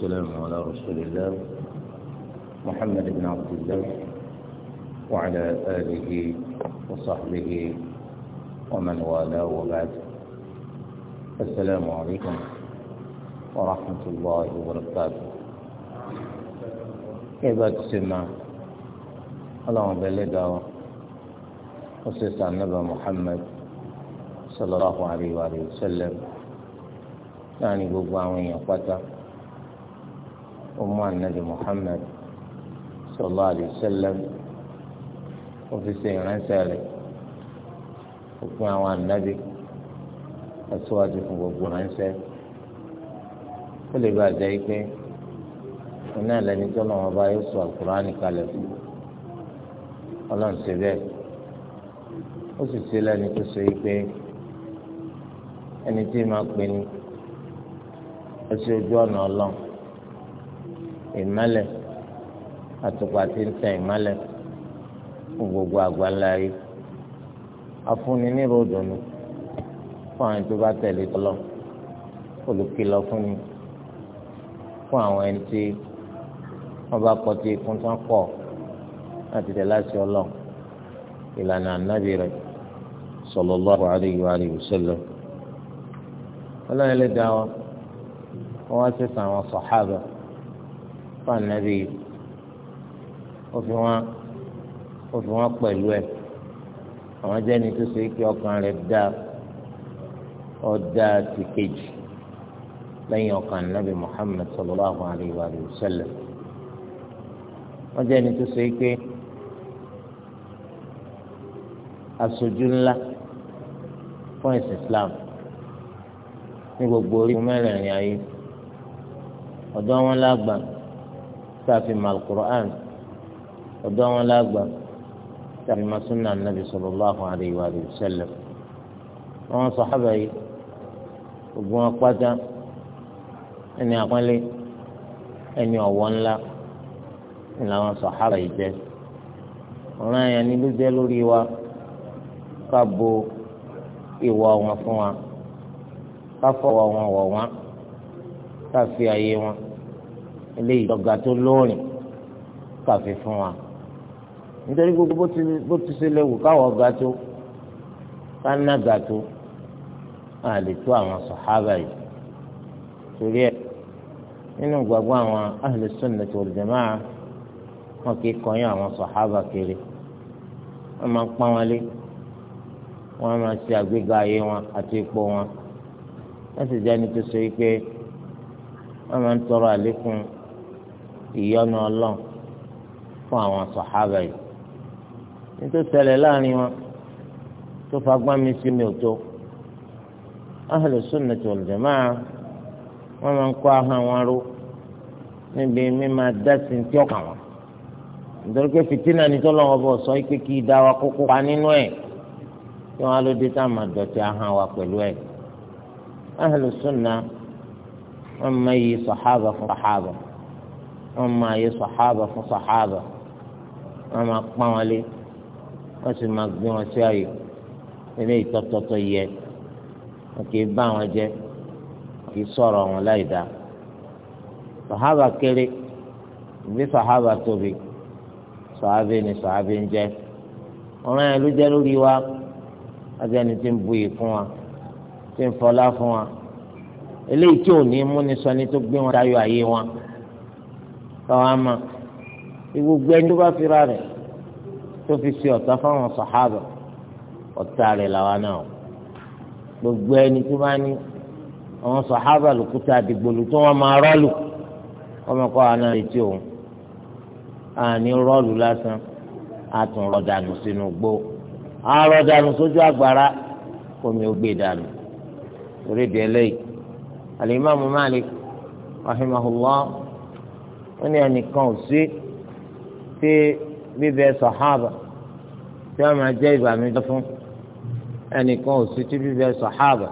والسلام على رسول الله محمد بن عبد الله وعلى آله وصحبه ومن والاه وبعد السلام عليكم ورحمة الله وبركاته كيف تسمى اللهم بلغ وصيص النبي محمد صلى الله عليه وآله وسلم يعني gbogbo àwọn èèyàn ọmọ anabi muhammed sọlá àdìsẹlẹm ọfíìsì ìránṣẹ́ rẹ̀ òpin àwọn anabi aṣíwájú fún gbogbo ránṣẹ́ ó lè bá jẹ́ pé iná ìlẹ́ni tó lọ́wọ́ bá yóò sọ àkùránì kalẹ̀ fún ọlọ́run ṣe bẹ́ẹ̀ ó sì ṣe lẹ́ni tó ṣe pé ẹni tí máa pinnu ẹ ṣe ojú ọ̀nà ọlọ́run ìmálẹ̀ àtùpà tí ń tẹ ìmálẹ̀ fún gbogbo àgbáńlá yìí afúnni ní ròdùnú fún àwọn tó bá tẹ̀lé tọ́lọ́ olùkìlọ̀ fún mi fún àwọn ẹni tí wọ́n bá kọ́ tí ikún tán kọ̀ láti tẹ̀lé àṣẹ ọlọ́ ìlànà ànábì rẹ̀ sallallahu alaihi wa alihi wasallam ọlọ́run ẹlẹ́dàá wọn wọ́n wá sí àwọn sàhábà fún ànábì yìí ó fi wọn ó fi wọn pẹ̀lú ẹ̀ àwọn jẹ́ni tó ṣe kí ọkàn rẹ̀ dá ọ̀dà ti kejì lẹ́yìn ọkàn ànábì Muhammad sallallahu alayhi wa sallam wọ́n jẹ́ni tó ṣe pé aṣojú ńlá fún ẹ̀sìn Islam ní gbogbo orí mẹ́rẹ̀ẹ̀rin ayé ọ̀dọ́ wọn lágbàá tààfin mal Qur'an ọ̀dọ̀ wọn lágbà tààfin ma sunna nabi sallallahu alayhi wa sallam àwọn sàhábà yìí gbogbo wọn pátá ẹni àpọ́nlé ẹni ọ̀wọ́ ńlá ni làwọn sàhábà yìí jẹ́ ọ̀ràn yẹn ni ló jẹ́ lórí wa ká bo ìwà wọn fún wa ká fọwọ́ wọn wọ̀ wọn ká fi àyè wọn eléyìí lọ́gà tó lóòrìn kàfi fún wa nítorí gbogbo bó ti ṣe léwu káwọ ọgá tó ká nága tó a lè tó àwọn sàhábà yìí torí ẹ nínú gbàgbọ́ àwọn ahlu sunnah wal jamaa wọn kì í kọyìn àwọn sàhábà kiri wọn máa ń pọ́n wọn lé wọn máa ṣe àgbéga ayé wọn àti ipò wọn wọn sì jẹ́ ẹni tó ṣe wípé wọn máa ń tọrọ àlékún. ìyọ́nú ọlọ́run fún àwọn sọ̀hábà yìí nítorí ṣẹlẹ̀ láàrin wọn tó fagbọ́n mi sí mi ò tó ahlu sunnati wal jamaa wọ́n máa ń kó ahọ́n wọn ró níbi dẹ́sí tí ó wọ́n nítorí pé fìtínà ni tó lọ́wọ́ bọ̀ sọ pé kí wa kókó pa nínú ẹ̀ kí wọ́n á ló dé tá a máa dọ̀tí ahọ́n wa wọn máa yẹ sàhábà fún sàhábà wọn máa pa wọn lé wọn sì máa gbé wọn sí ààyè eléyìí tọ́tọ́tọ́ yẹ wọn kì í bá wọn jẹ kì í sọ̀rọ̀ wọn láì kéré tóbi ni sàhábà ń jẹ ọ̀ràn yẹn ló jẹ́ lórí wa ń buyì fún wa ń fọlá wa eléyìí tí ò ní sọ ni tó gbé wọn káwọn á mọ̀ gbogbo ẹni tó bá fira rẹ̀ tó fi ṣe ọ̀tá fáwọn sàhábà ọ̀tá rẹ̀ làwa náà gbogbo ẹni tó bá ní àwọn sàhábà lòkúta àdìgbòlù tó wọn máa rọ́ọ̀lù ọmọ kọ́ àná retí òun àní rọ́ọ̀lù lásán àtún rọ̀dànù sínú gbó àrọ̀dànù sójú àgbàrá kòmí ó gbé dànù orí ìdí ẹlẹ́yìí al Malik rahimahullah wọ́n ní ẹnìkan ò sí tí bíbẹ sọ̀hábà tí wọ́n máa jẹ́ ìbànújẹ́ fún ẹnìkan ò sí tí bíbẹ sọ̀hábà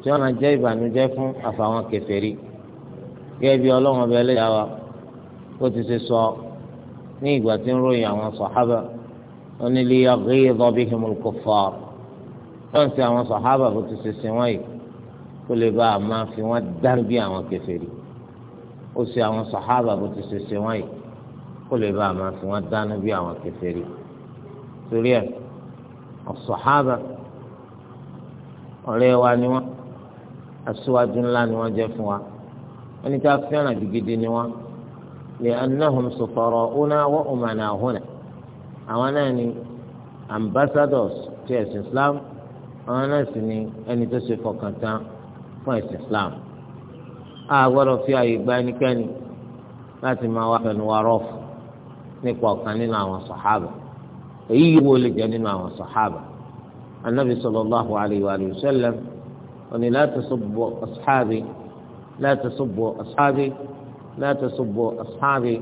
tí wọ́n máa jẹ́ ìbànújẹ́ fún àfàwọn kèfèrí gẹ́gẹ́ bí ọlọ́run ọbẹ̀ ẹlẹ́yà wa ó ti ṣe sọ ní ìgbà tí ń ròyìn àwọn sọ̀hábà wọ́n ní liyaghiza bihimul kuffar wọ́n ti àwọn sọ̀hábà bó ti ṣe sin wọ́n yìí kó lè bá a máa fi wọ́n dárí bí àwọn kèfèrí kó ṣe àwọn sàhábà bó ti ṣe ṣe wọ́n yìí kó lè bá a máa fi wọ́n dáná bí àwọn kèfèrí torí ẹ̀ ọ̀sàhábà ọ̀rẹ́ wa ni wọ́n aṣíwájú ńlá ni wọ́n jẹ́ fún wa wọ́n ní ká fẹ́ràn gidigidi ni wọ́n lè anáhùn sọ̀tọ̀rọ̀ ọ̀nà wọ́n ọ̀màna ọ̀húnà àwọn náà ni ambassadors ti ẹ̀sìn Islam àwọn náà sì ni ẹni tó ṣe fọkàn tán fún ẹ̀sìn Islam. a fi àyè gba ẹnikẹ́ni láti máa wá fẹnu wa rọ́ọ̀fù nípa ọ̀kan nínú àwọn sàhábà èyí yìí wo lè jẹ́ nínú àwọn sàhábà anabi sallallahu alayhi wa sallam òní láti tasubbu ashabi la tasubbu ashabi la tasubbu ashabi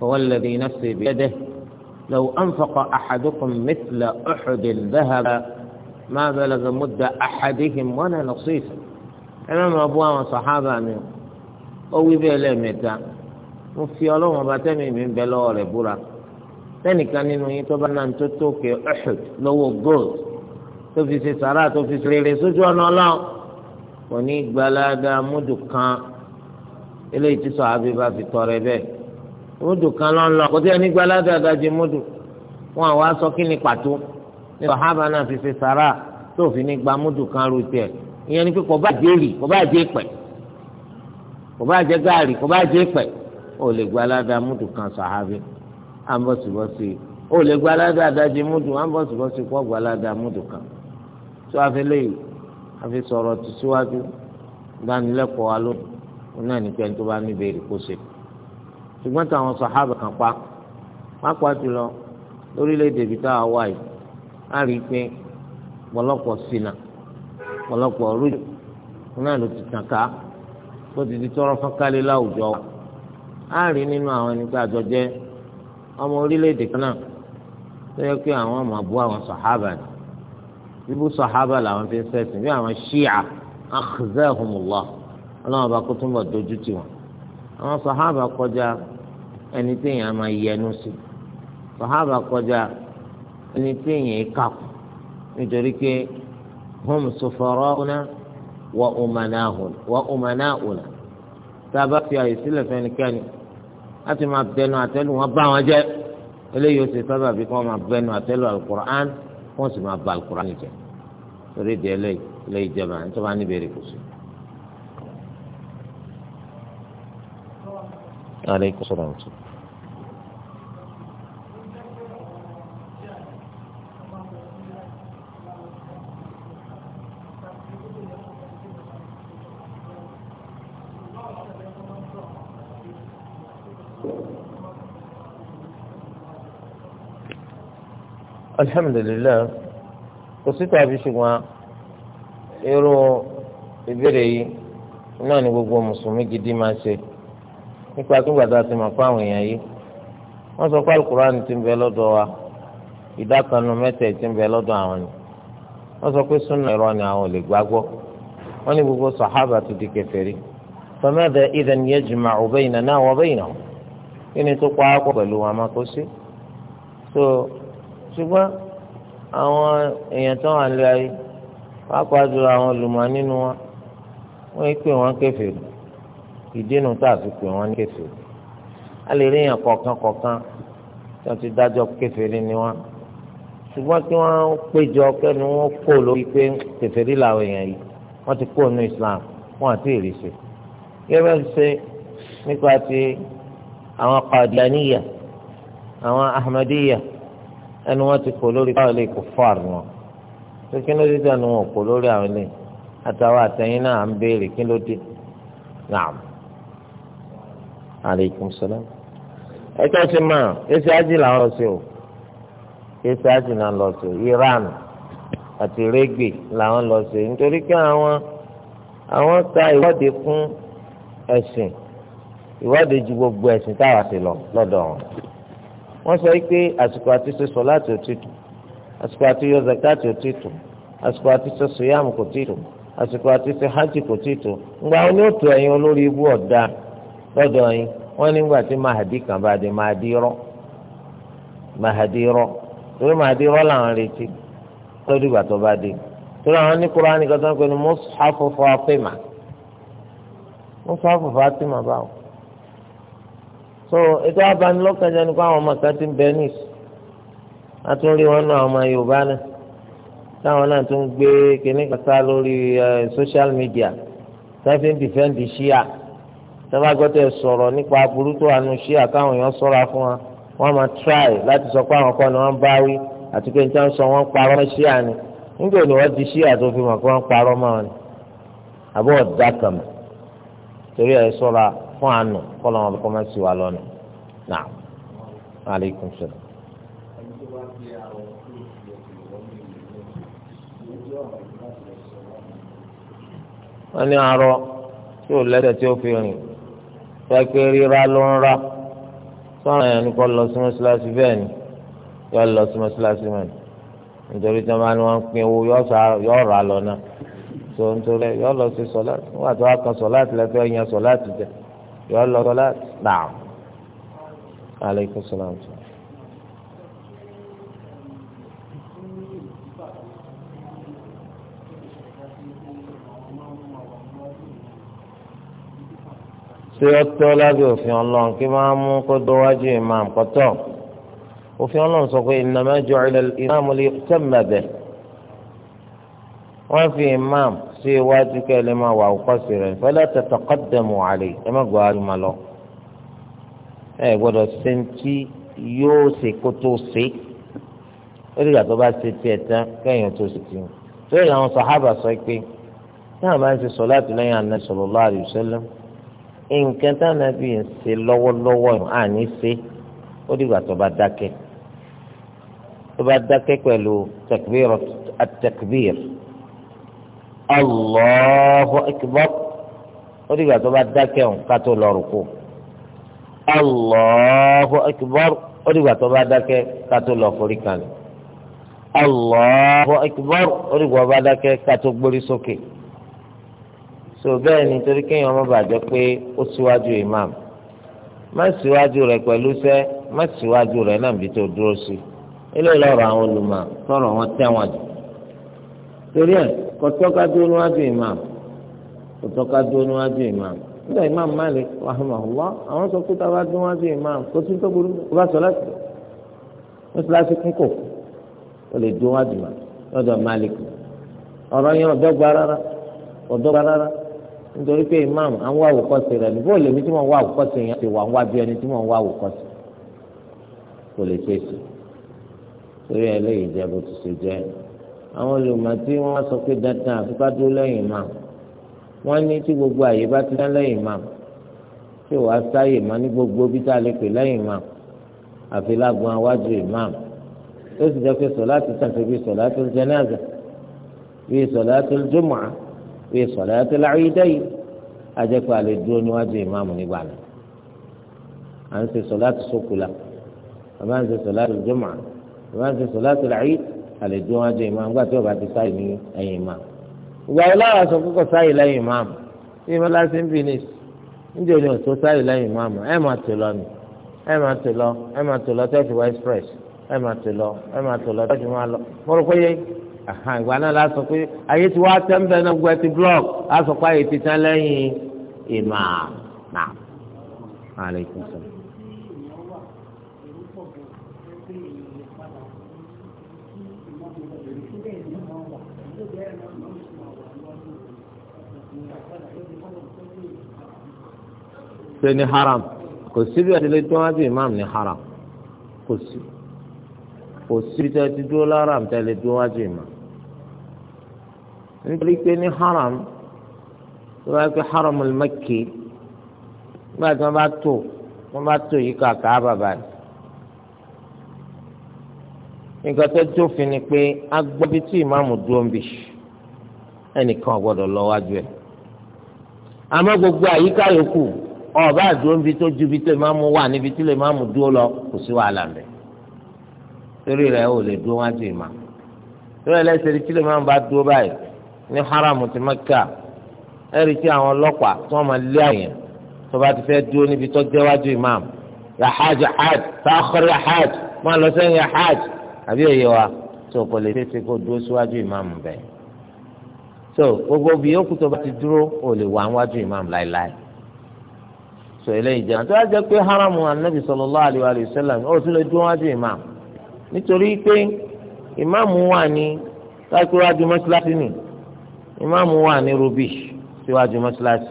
fawalladhi nafsi biyadihi law anfaqa ahadukum mithla uhudin máa bẹ̀rẹ̀ balagha mudda ahadihim wala nasifa. ẹ má àwọn sàhábà mi ó wí bẹ́ẹ̀ lẹ́ẹ̀mẹ́ta mo fi ọlọ́run ọba tẹ́mi mi bẹ lọ́wọ́ rẹ̀ búra tẹ́nìkan nínú yín tó bá náà tó lọ́wọ́ gold tó fi ṣe sàrà tó fi ṣe rere sójú ọ̀nà ọlọ́run kò ní kan eléyìí tí bá fi tọrẹ bẹ́ẹ̀ múdù kan kò tí múdù wọn sọ kí ni pàtó ní sàhábà náà fi ṣe sàrà kan ìyẹn ni pé kò bá jẹ́ rì kò bá jẹ́ pẹ̀ kò bá jẹ́ gaari kò bá jẹ́ pẹ̀ ó lè gba aládàá múdù kan sàhábì àmbọ̀sibọ̀sì ó lè gba aládàá adájí múdù àmbọ̀sibọ̀sì kò gba aládàá múdù kan tó afẹ́lẹ́ yìí àfi sọ̀rọ̀ ti síwájú dánilẹ́kọ̀ọ́ aló náà ní pẹ́ńtó bá ní ìbéèrè kó ṣe ṣùgbọ́n táwọn sàhábà kan pa pápá jùlọ lórílẹ̀‐èdè ibi táwa wà á rí i pé pọ̀lọpọ̀ sínà ọ̀pọ̀lọpọ̀ rúdù náà ló ti tàn ká ó ti di tọrọ fọ́nkálẹ̀ láwùjọ wa á rí nínú àwọn ẹni tá a jọ jẹ́ ọmọ orílẹ̀-èdè kan náà tó yẹ pé àwọn ọmọ àbúrò àwọn sàhábà ni bíbú sàhábà làwọn fi ń sẹ́sìn bí àwọn ṣíà akhzahumullah ọlọ́run bá kó túnbọ̀ dojú tì wọ́n àwọn sàhábà kọjá ẹni tí èèyàn máa yẹnu sí sàhábà kọjá ẹni tí èèyàn kàkù nítorí pé hum sufarauna wa umanahuna wa umanauna tá a bá fi àyè sílẹ̀ fẹ́nikẹ́ni láti máa bẹnu àtẹ́lù wọn bá wọn jẹ́ eléyìí ó ṣe sábà bí wọn máa bẹnu àtẹ́lù alukur'an wọn sì máa ba alukur'an jẹ́ torí di eléyìí eléyìí jẹba nítorí wọn á níbi èrè kò sí. aleykum salaam wa rahmatulah. alhamdulilayi kò sí tàbí ṣùgbọ́n irú ìbéèrè yìí náà ni gbogbo mùsùlùmí gidi máa ṣe nípa tó gbàdá ti mọ̀ fáwọn èèyàn yìí wọ́n sọ pé alukur'an ti ń bẹ lọ́dọ̀ wa ti ń bẹ lọ́dọ̀ àwọn ni wọ́n sọ pé súnà ni àwọn ò lè gbàgbọ́ wọ́n ní gbogbo sàhábà ti di kèfèrí fọmẹ́dẹ̀ ọ̀bẹ́yìn náà náà kí ni tó pa á pọ̀ pẹ̀lú ṣùgbọ́n àwọn èèyàn tó wà lé ayé wọ́n á pàdé àwọn olùmọ̀ nínú wọn wọ́n pè wọ́n kèfèrí ìdínú tá a fi pè wọ́n kèfèrí a lè rí èèyàn kọ̀ọ̀kan kọ̀ọ̀kan tó ti dájọ́ kèfèrí ni wọ́n ṣùgbọ́n kí wọ́n péjọ kẹ́nu wọn kó lórí pé kèfèrí làwọn èèyàn yìí wọ́n ti kó nu Islam wọ́n àti ìrìsè gẹ́gẹ́ bí ṣe nípa ti àwọn Qadiyaniya àwọn Ahmadiyya ẹnu wọn ti kò lórí báwo lè kó fáàrù wọn tó kí ló dé tí ẹnu wọn kò lórí àwọn ilé àtàwọn àtẹ̀yìn náà à ń béèrè kí ló dé naam aleykum salaam ẹjọ́ ṣe máa ẹsẹ̀ ájì là ń lọ sí o ẹsẹ̀ ájì là ń lọ sí o Iran àti rẹ́gbẹ̀ là ń lọ sí o nítorí pé àwọn àwọn ta ìwọ́de fún ẹ̀sìn ìwọ́de ju gbogbo ẹ̀sìn táwa sí lọ lọ́dọ̀ wọn wọ́n sọ pé àsìkò àti ṣe sọ̀láàtì ò ti àsìkò àti yọ zakati ò ti tó àsìkò àti ṣe sùyàmù kò ti tó àsìkò àti ṣe hajj kò ti tó ńgbà wọn ni ó tó ẹ̀yin olórí ibú ọ̀dà lọ́dọ̀ yín wọ́n nígbà tí mahadi kan bá di mahadi rọ́ mahadi rọ́ torí mahadi rọ́ làwọn retí lọ́dún ìgbà tó bá di torí àwọn ní kúránì kan tó ń pè ní mọ́sáfù Fátímà mọ́sáfù Fátímà báwọn so ètò abanilọ́kànjẹ́ nípa àwọn ọmọ kan ti ń bẹ níìsì àtúnrí wọn náà ọmọ Yorùbá náà táwọn náà tún gbé kíní kàtá lórí social media tẹ́fí ń dìfẹ́ǹdì ṣíà tẹ́fàgọ́tẹ̀ sọ̀rọ̀ nípa aburú tó wà nù ṣíà káwọn èèyàn sọ́ra fún wa wọ́n máa try láti sọ pé àwọn kan ni wọ́n bá wí àti pé níta sọ wọ́n parọ́ ṣíà ni nígbà ni wọ́n di ṣíà tó fi mọ̀ pé wọ́n parọ́ mọ́ ni àbọ̀ ọ̀dà kàmù torí ẹ̀ sọ́ra fún àánú kọlọ wọn kọ máa sì wà lọnà náà aleykum salaam. wọ́n ní arọ tí ò lẹ́sẹ̀ tí ó fi rìn pẹ́pẹ́ rírà ló ń rà sọ́ràn yẹn ni kò lọ sí mọ́ṣáláṣí bẹ́ẹ̀ ni yọ lọ sí mọ́ṣáláṣí mọ́ni nítorí tí wọ́n bá ní wọ́n pín owó yọ rà lọ náà tó nítorí yọ lọ sí sọ́láàtì wọ́n àti wọ́n kan sọ́láàtì lẹ́tọ́ yẹn sọ́láàtì jẹ́ yọ lọ sọlá naam aleykum salaam. ṣé ọtọ lábẹ́ òfin Ọlọ́run kí máa mú kó dọwájú imam kọtọ òfin Ọlọ́run sọ pé innama ju'ila al-imamu liyu'tamma bihi wọ́n fi imam sí iwájú kẹ́ ẹ lè máa wà òkọ́sí rẹ̀ fala tataqaddamu alayhi ẹ má gbọ́ àrùn máa lọ. ẹ gbọ́dọ̀ sẹ́ńtì yóò ṣe kó tó ṣe ó dìgbà tó bá ṣe tiẹ̀ tán kẹ́yìn tó ṣe tiẹ̀. lórí àwọn sàhábà sọ pé náà máa ń ṣe sọ̀láàtì lẹ́yìn Ànábì sallallahu alayhi wa sallam nǹkan táwọn bí ń ṣe lọ́wọ́lọ́wọ́ àní ṣe ó dìgbà tó bá dákẹ́ tó bá dákẹ́ pẹ̀lú takbir at Allahu akbar ó dìgbà tó bá dákẹ́ ọ̀hún ká tó lọ rùkú Allahu akbar ó dìgbà tó bá dákẹ́ ká tó lọ forí kalẹ̀ Allahu akbar tó bá dákẹ́ ká tó gbórí sókè so bẹ́ẹ̀ ni torí kéèyàn imam má síwájú rẹ̀ pẹ̀lú sẹ́ má síwájú rẹ̀ náà bí tó dúró sí eléyìí lọ́rọ̀ àwọn olùmọ̀ sọ̀rọ̀ wọn jù kọtọ́ka dúró níwájú imam kọtọ́ka dúró níwájú imam imam Malik rahimahullah àwọn sọ pé bá imam kò tó burú kó bá sọ láti mọ́sálásí kún kò lè imam lọ́dọ̀ Malik ọrọ yẹn rara, rárá ọ̀dọ́gba rárá nítorí pé imam à ń wá àwòkọ́sí rẹ̀ ní tí yẹn ti wà àwọn olùmọ̀ tí wọ́n sọ pé dandan àfikà dúró lẹ́yìn imam wọ́n ní tí gbogbo àyè bá ti dá lẹ́yìn imam tí wàá sáyè má ní gbogbo bí tá a lè pè lẹ́yìn imam àfi lágbọn awájú imam tó sì jẹ́ pé sọ̀láàtì tàbí bíi sọ̀láàtì jẹ́nẹ́àzà bíi sọ̀láàtì jùmọ̀ bíi sọ̀láàtì láyídẹ́yì ajẹ́pẹ́ àlè dúró níwájú imam nígbà náà à ń ṣe sọ̀láàtì sókùlà àbá ń ṣe sọ̀láàtì jùmọ̀ àbá ń ṣe sọ̀láàtì láyídẹ́yì àlè dúró wájú ìmáàmù nígbà tí ọba ti sáyè ní ẹ̀yìn ìmáàmù ìgbà yìí láwọn aṣọ kókò sáyè lẹ́yìn ìmáàmù bí mo lásì ń finish níbi òní òtó sáyè lẹ́yìn ìmáàmù ẹ máa tó lọ ni ẹ máa tó lọ máa tó lọ express máa tó la pé ayé ti wá tẹ́ńbẹ́ náà gbẹ ti a pé pé ní haram kò síbi àtìlẹ́ tí wọ́n á bí imam ní haram kò sí kò síbi tí wọ́n ti dúró láram tẹ́lẹ̀ tí wọ́n á bí imam nítorí pé ní haram tó bá pé haram al-Makki nígbà tí wọ́n bá tó wọ́n bá tó yìí ká kàá bàbá yìí nǹkan tó jófin ni pé agbọ́bi tí ìmáàmù dúró ń bì ẹnìkan ò lọ wájú ẹ̀ àmọ́ gbogbo àyíká yòókù ọba àdúró níbi tó ju ibi tó ìmáàmù wà níbi tí ìmáàmù dúró lọ kò sí wàhálà mẹ torí rẹ ò lè dúró wájú ìmá torí ẹlẹsẹ tí ìmáàmù bá dúró báyìí ní haram ti Mẹ́kà ẹrí tí àwọn ọlọ́pàá tí wọn máa lé àyàn tó bá ti fẹ́ dúró níbi tó jẹ wájú ìmáàmù ya hajj hajj ta'khir ya hajj máa lọ sẹ́yìn ya hajj àbí òye wa tó kò lè tètè kó dúró síwájú ìmáàmù bẹ́ẹ̀ so gbogbo bí yókù tó bá ti dúró ò lè wà níwájú ìmáàmù láéláé. sọ eléyìí jẹ́ àti wájú pé haramu anabi sallallahu alaihi wa sallam ó tún lè dún wájú imam nítorí pé imam wà ní káàkiri mọ́ṣáláṣí ni imam wà ní rubish síwájú mọ́ṣáláṣí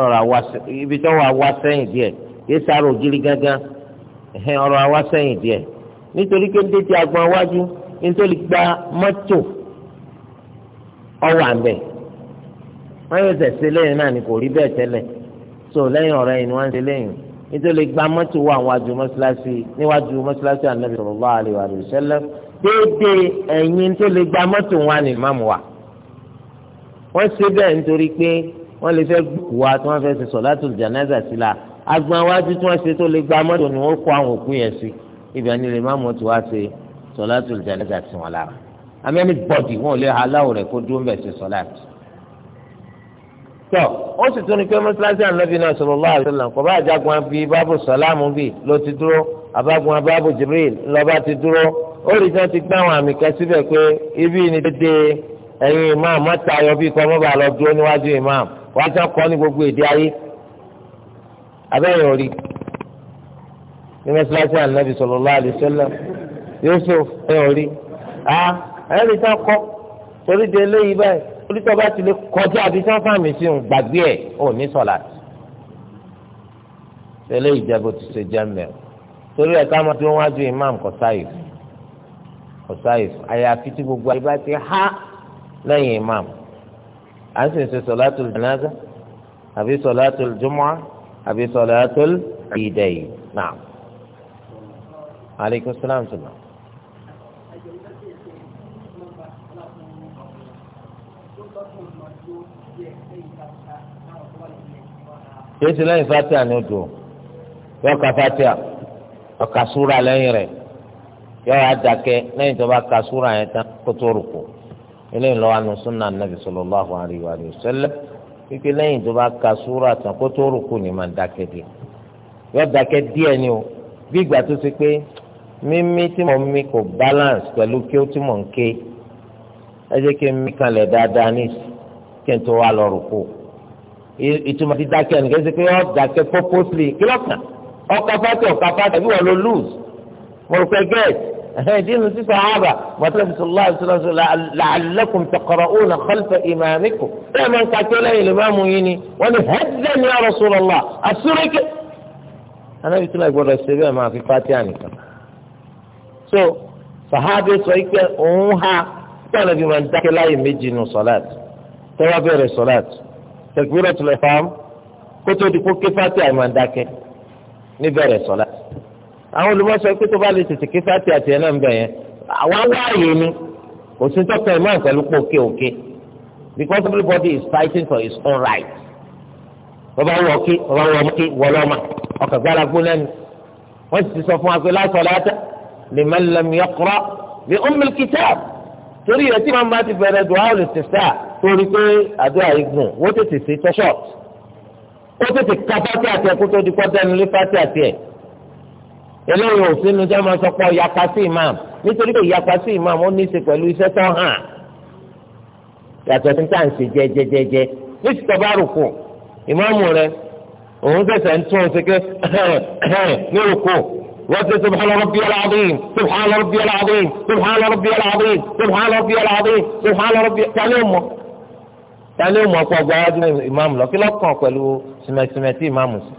ọ̀rọ̀ àwa ibi tó wà wá sẹ́yìn díẹ̀ yé sáré ògiri gángan ẹ̀hìn ọ̀rọ̀ àwa sẹ́yìn díẹ̀ nítorí pé ti agbọn wájú nítorí gba mọ́tò ọwọ́ àmbẹ̀ wọ́n yóò so lẹ́yìn ọ̀rẹ́ yìí ni wọ́n ń ṣe lẹ́yìn nítorí gba mọ́tò wà wájú mọ́ṣáláṣí níwájú mọ́ṣáláṣí ànábì sallallahu alaihi wa sallam déédéé ẹ̀yìn tó lè gba mọ́tò wà ní ìmáàmù wa wọ́n ṣe bẹ́ẹ̀ nítorí pé wọ́n lè fẹ́ gbòkú wa tí wọ́n fẹ́ ṣe sọ̀látù jánásà sí la agbọn wájú tí wọ́n ṣe tó lè gba mọ́tò ni wọ́n kó àwọn òkú yẹn sí ibẹ̀ ni lè má mọ́tò wá ṣe sọ̀látù jánásà tọ ó sì tún ní pé mọ́sálásí ànábì náà sallallahu alaihi wasallam kò bá àjàgbọ́n bí báàbò sàlámù bì ló ti dúró àbágbọ́n báàbò jibril lọ́ba ti dúró ó rí sẹ́ni ti gbá àwọn àmì kan síbẹ̀ pé ibi ni dédé ẹ̀yin imam mọ́tayọ bí kọ́ mọ́ba lọ dúró níwájú imam wọ́n á sàn kọ́ ní gbogbo èdè ayé abẹ́yẹn ò rí ní mọ́sálásí ànábì sallallahu alaihi wasallam Yusuf ẹ̀yìn ò rí onítọ̀ bá ti lè kọjá àbí sáfàmì sí ń gbàgbé ẹ̀ ò ní sọ̀lá tẹ́lẹ̀ ìjẹ́bù ti ṣe jẹ́ mẹ́rin torí ẹ̀ ká máa tó wájú imam kọ̀sáyìf kọ̀sáyìf àyàfi tí gbogbo àyè bá ti há lẹ́yìn imam à ń sì ń ṣe sọ̀látùl jánásà àbí sọ̀látùl jùmọ̀ àbí sọ̀látùl ìdẹ̀yì náà. aleykum salaam salaam. kìí ṣe lẹ́yìn fatia ni ó dò yọ ka fatia ọ̀ka súra lẹ́yìn rẹ̀ yọ adakẹ́ lẹ́yìn tó bá ka súra yẹn tán kó tó eléyìí lọ́wọ́ anu sunna anabi sallallahu alayhi wa sallam kíkẹ́ lẹ́yìn bá ka súra tán ni yọ díẹ̀ ni o bí ìgbà tó ṣe pé mímí tí mo mí kò balance pẹ̀lú kí ó n ìtumọ̀ ti dákẹ́ ẹnì kẹ́sì pé ọ́ dákẹ́ purposely kí lọ́kàn ọkọ̀ fàtẹ̀ ọkọ̀ fàtẹ̀ bí wọ́n lọ lose mo rò pé gẹ́ẹ̀t dínú sísọ ààbà mọ̀tẹ́lẹ̀ sallallahu alaihi wasallam la'allakum taqra'una khalfa imamikum bẹ́ẹ̀ máa ń ka tó lẹ́yìn ìmáàmù yín ni wọ́n ní haddan ya Rasulullah àsúrékè. anábì tún àgbọ̀dọ̀ ṣe bẹ́ẹ̀ máa fi fàtẹ́ ànìkan. so sahabi sọ pé òun ha tí ànábì máa dákẹ́ láyè méjì nù sọ́láàtì tẹ́wọ́ bẹ̀rẹ̀ sọ́láàtì tẹkpírọ̀ tilẹ̀ fam kótó di kókè fati àmàdàkẹ́ níbẹ̀rẹ̀ sọ̀lá àwọn olùmọ̀sọ pé tó bá lè tètè ké fati àti ẹ̀ náà ń bẹ̀ yẹn àwa wáyé ni kò sí tọ́kẹ́ ìmọ̀ pẹ̀lú pòkè òkè because everybody is fighting for his own right bàbá wọ̀ ké bàbá wọ̀ ké wọlọ́mà ọkọ̀ gbára gbóná ni wọ́n sì ti sọ fún wa pé la salata liman lam yaqra bi ummil kitab torí ẹ̀ tí màá bá ti bẹ̀rẹ̀ dùn áwọn lè tẹ̀sà torí pé àdúrà yìí gùn wọ́n tètè sí tọ́ṣọ̀t ó tètè ka pátí àti ẹ̀kú tó di kọ́ dẹnu lé pátí àti ẹ̀ eléyìí ò sínú jẹ́ máa sọ pé ìyapa sí imam nítorí pé ìyapa sí imam ó ní í ṣe pẹ̀lú iṣẹ́ tó hàn yàtọ̀ sí tá à ń ṣe jẹ́jẹ́jẹ́jẹ́ ní ìsìtọ́ bá rò kù ìmáàmù rẹ òun ṣẹ̀ṣẹ̀ ń tún un ṣe pé ní rò kù وقل سبحان ربي العظيم سبحان ربي العظيم سبحان ربي العظيم سبحان ربي العظيم سبحان ربي tani mọ̀ tani mọ̀ ọkọ gbàwájú ìmáàmù lọ kí ló kàn pẹ̀lú sìmẹsìmẹtì ìmáàmù sí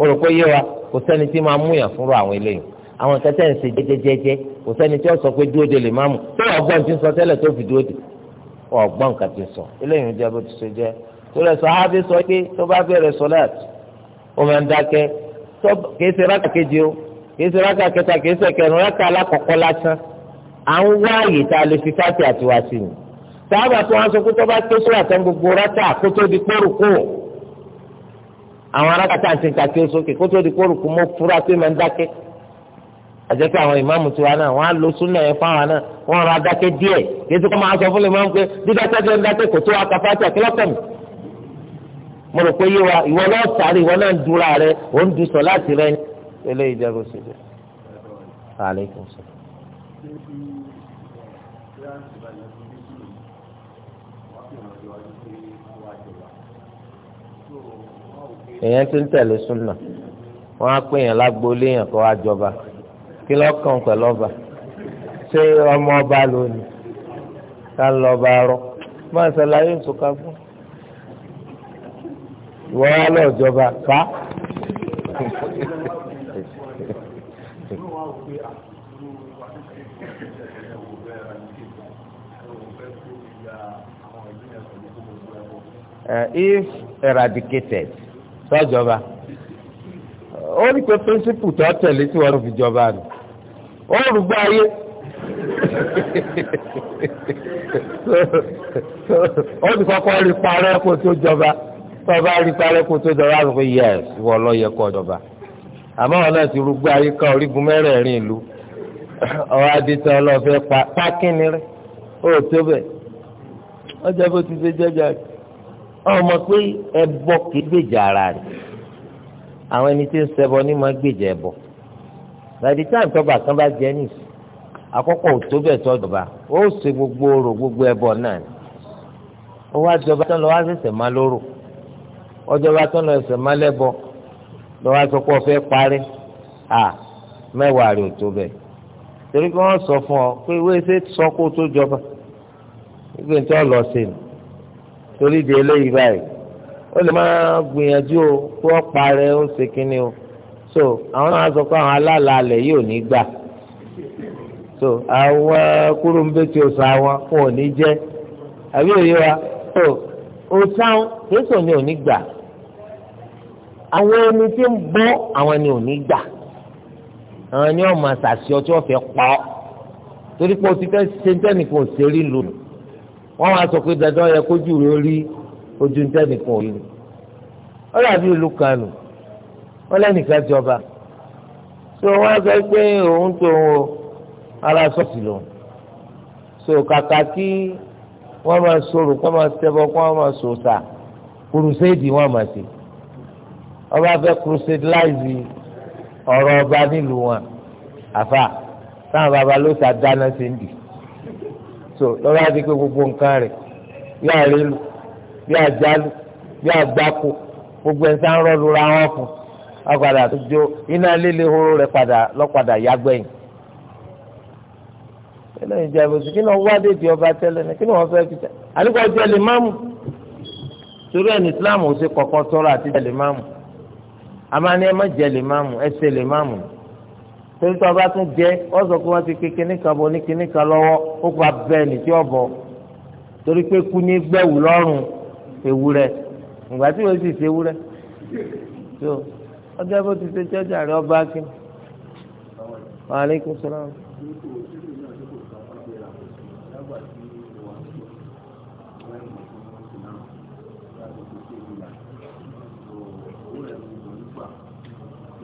o rò pé yé wa kò sẹ́ni tí máa mú yàn fúnra àwọn eléyìí àwọn kẹtẹ́ ń ṣe jẹjẹjẹjẹ kò sẹ́ni tí ó sọ pé dúró de lè máàmù tó ọgbọ́n ti sọ tẹ́lẹ̀ tó fi dúró de ọgbọ́n kà ti sọ eléyìí jẹ́ bó ti ṣe jẹ́ tó lẹ sọ ábí sọ pé tó bá bẹ̀rẹ̀ sọlẹ́t ó máa ń dákẹ́ kìí ṣe rákà kejì o kìí ṣe rákà kẹta kìí ṣe kẹrin rákà alákọ̀ọ́kọ́ lásán à ń wá àyè tá a lè fi fáti àtiwá sí ni sábà tó wọn sọ pé tó bá ké sórí àtàn gbogbo rákà kó tó di kórùkù àwọn rákà tá à ń ti ń ka kí ó sókè kó tó di kórùkù mọ́ fúra pé máa ń dákẹ́ àjẹpẹ́ àwọn ìmáàmù tiwa náà wọ́n á lo súnà ẹ̀ fáwọn náà wọ́n ra dákẹ́ díẹ̀ kí kọ́ máa sọ fún lè máa ń pé dídákẹ́ díẹ̀ ń dákẹ́ kò tó wa mo rò pé yé wa ìwọ náà sáré ìwọ náà ń dúra rẹ ò ń dùsọ láti rẹ ní. eléyìí jẹ́ bó ṣe jẹ́ aleykum salaam. èèyàn ti ń tẹ̀lé súnà wọ́n á pè yàn lágboolé yàn kó wá jọba kí lọ́kàn pẹ̀lú ọba ṣé ọmọ ọba lónìí ká lọ́ọ́ rọ máa ṣàlàyé nǹkan ká gbọ́n ìwọ wa lọ jọba fa. Uh, eh, if eradicated sọ́jọba ó ní pé píríncípù tó tẹ̀lé tí wọ́n fi jọba nù ó rúgbọ́ ayé ó ti kọ́kọ́ rí parẹ́ kó tó jọba tọ́ba rí parẹ́ kó tó dọ̀rọ̀ àgbẹ̀ yẹ ìwọ ọlọ́yẹ kọ́ ọ̀dọ̀ba àmọ́ wọn náà ti rúgbó àyíká orígun mẹ́rẹ̀ẹ̀rin ìlú ọ̀rọ̀ adìtẹ̀ ọlọ́fẹ́ pa pákínni rẹ̀ ó tó bẹ̀ ọjà bó ti ṣe jẹ́jà ọmọ pé ẹbọ kì í gbèjà ara rẹ̀ àwọn ẹni tí ń ṣẹbọ ní máa gbèjà ẹbọ gbàdí táwọn tọ́ba kan bá jẹ́ nìsí àkọ́kọ́ ò tó bẹ̀ tọ́jọba ó ṣe gbogbo orò gbogbo ẹbọ náà ó wá jọba tán lọ wá ṣẹ̀ṣẹ̀ má lóró ọjọ́ bá tọ́nà ẹsẹ̀ mọ́lẹ́bọ lọ́wọ́ aṣọ pé ọ̀fẹ́ parí à mẹ́wàá rẹ̀ ò tó bẹ̀ torí pé wọ́n sọ fún ọ pé ìwé ṣe sọ kó tó jọba ìgbé tí wọ́n sí ni torí di eléyìí báyìí ó lè máa gbìyànjú o kó ọ parẹ́ ó ṣe kínní o so àwọn náà sọ pé àwọn alálàálẹ̀ yìí ò ní gbà so àwọn kúrò ń bẹ́tì oṣù àwọn kò ní jẹ́ àbí òye wa so oṣù àwọn kí èso ni ò ní gbà àwọn ẹni tí ń bọ́ àwọn ẹni ò ní gbà àwọn ẹni ọmọ àṣàṣì ọtí ọ̀fẹ́ pọ̀ torí pé o ti fẹ́ ṣe tẹ́nìkan ò rí lò wọ́n wá sọ pé dandan yẹ kójú rẹ rí ojú tẹ́nìkan ò rí lò dàbí ìlú kanu wọ́n lẹ́nìkan jọba so wọ́n sọ pé òun tó òun ara sọ́ọ̀sì lòun so kàkà kí wọ́n máa sọ̀rọ̀ kí wọ́n máa tẹ́bọ̀ kí wọ́n máa sòsà kùrùsẹ́ẹ̀dì wọ́n máa ṣe ọba fẹ́ crusadiláìsì ọ̀rọ̀ ọba nílùú wọn àfà táwọn baba ló ta dáná sí ndì so lọ́wọ́ àti pé gbogbo nǹkan rẹ̀ bí àrélu bí àjálù bí àgbákò gbogbo ẹ̀sán ń rọ́ọ̀lù ra wọn fún ọ̀padà tó jó iná líle horo rẹ̀ padà lọ́padà yágbẹ́yìn ẹlẹ́yìn jẹ́ àbòsí kí ni wọ́n wá dédìí ọba tẹ́lẹ̀ ní kí ni wọ́n fẹ́ fi tẹ́ àdúgbò jẹ́ lè máàmù torí ẹ̀ ní Islam ò ṣe kọ̀ọ̀kan tọ́rọ àti jẹ́ lè máàmù. Amani ẹ má jẹ lè má mú ẹsẹ lè má mú torí tó o bá tún jẹ ọ sọ pé wọn ti ké kíní kan bọ ní kíní kan lọ́wọ́ ó pa bẹ́ẹ̀ ní tí ó bọ torí pé kú ní gbẹ̀wù lọ́rùn ewúrẹ́ ìgbà tí yóò sì ṣe ewúrẹ́ tó ọjọ́ bó ti ṣe jọjà rẹ ọba kí. wàhálà ikú sọlá.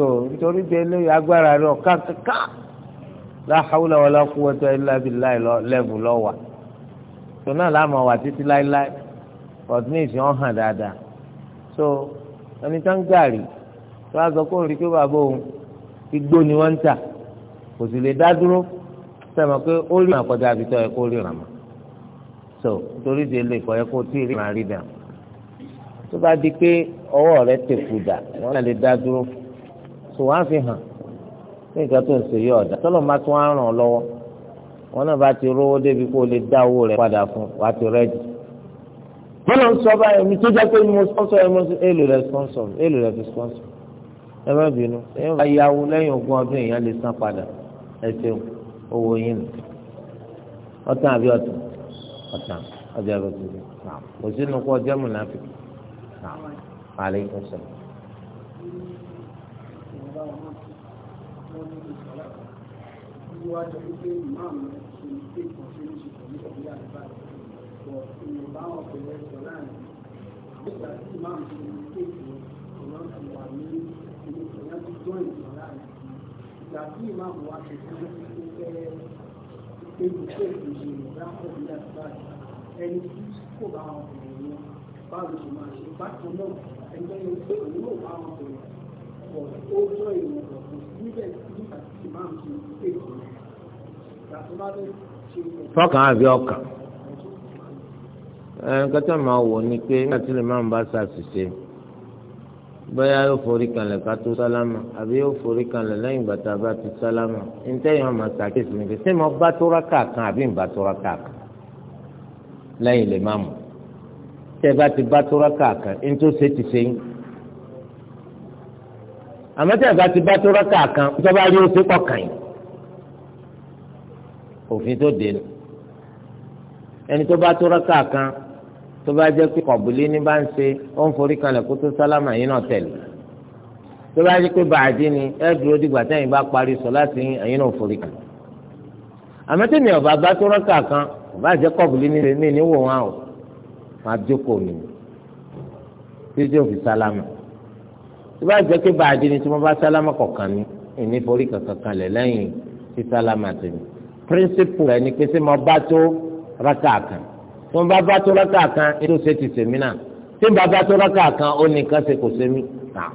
so nítorí pé eléyìí agbára rẹ ọ̀ká kankan láhàúlà wàlá quwwata illa billahi lẹ́bù lọ́wà tó náà láàmú wà títí láéláé ọ̀tún ìsìn ọ̀hàn dáadáa so ẹni tó ń gàrí tó a sọ pé òun rí pé bàbá òun igbó ni wọ́n ń tà kò sì lè dá dúró sẹ́mi pé ó rí ìrìn àkọjá àbítọ́ ẹ kó ríran mọ́ so nítorí ti lè kọ́ ẹ kó tí ì ríran rí dàn tó bá di pé ọwọ́ rẹ tẹ̀kù dà wọ́n lè dá dúró fún tó wá fi hàn ní nǹkan tó ń ṣe yí ọ̀dà tọ́lọ̀ máa tún á ràn ọ́ lọ́wọ́ wọn náà bá ti rówó débi kó o lè dá owó rẹ̀ padà fún wa ti rẹ́dì. tọ́lọ̀ ń sọ báyìí mi tó jẹ́ pé mo sponsor ẹ mo èlò rẹ̀ sponsor èlò rẹ̀ fi sponsor ẹ má bínú ẹ̀yìn bá yáwó lẹ́yìn ogún ọdún èèyàn lè san padà ẹ ṣeun owó yín nù ọ̀tàn àbí ọ̀tàn ọ̀tàn ọjà ìbòsí náà kò sínú kó ọjọ́ mùnàfíkì náà àlékún sọ̀rọ̀. tí wàá jọ wípé ìmáàmù ṣe ìgbé kan ṣe ní ṣe pẹ̀lú ọ̀gbìn àdúrà bọ̀ ìmọ̀ báwọn pẹ̀lẹ́ sọ láàrin nígbà tí ìmáàmù ṣe ní ìgbé kan ọ̀rọ̀ ti wà ní ilé ìpínlẹ̀ tó tó ìmọ̀ láàrin ìgbà tí ìmáàmù wa ṣe fún ó fẹ́ pé mo pé ìṣe ìmọ̀lá ọ̀gbìn àdúrà ẹni tí kò bá wọn pẹ̀lẹ́ yẹn báwo ṣe máa ṣe bákan náà ẹgbẹ́ yẹn pé òun pọ̀ ó jọ ìwọ̀n níbẹ̀ nígbà tí máa ń ṣe èdè ìgbàsọ́bàdé ṣe. fọkàn àbí ọkàn nǹkan tó máa wò ni pé nígbà tí lè máa ń bá ṣàṣìṣe bóyá yóò forí kanlẹ̀ ká tó sálámà àbí yóò forí kanlẹ̀ lẹ́yìn ìgbà tá a bá ti sálámà ntẹ́yìn ọmọ sàkíyèsí ni ṣé mo bá tóra káàkan àbí ń bá tóra káàkan lẹ́yìn lè má mọ̀ tẹ́ bá ti bá tóra káàkan ntó ṣe ti ṣe yín àmọ́ tí àgbà ti bá tó rákà kan ìjọba rí oṣù kọkàn yìí òfin tó dé nu ẹni tó bá tó rákà kan tó bá jẹ́ pé kọ̀bùlí ní bá ń ṣe ó ń forí kalẹ̀ kó tó sálámà yín náà tẹ̀lé tó bá jẹ́ pé bàdí ni ẹ dúró dìgbà tẹ́yìn bá parí sọ láti yín ẹ̀yin náà forí kalẹ̀ àmọ́ tí mi ọ̀bá bá tó rákà kan ọ̀bá jẹ́ kọ̀bùlí ní mi níwò wọn o máa jókòó mi títí òfin ìbá jẹ́ pé bàdí ni tí mo bá sálámà kọ̀ọ̀kan mi ìní forí kankan kan lẹ̀ lẹ́yìn tí sálámà tèmi píríncípù rẹ̀ ni pé tí mo bá tó rákà kan tí mo bá bá tó rákà kan ètò ṣe ti sèmi náà tí mo bá bá tó rákà ó nìkan ṣe kò sèmi náà.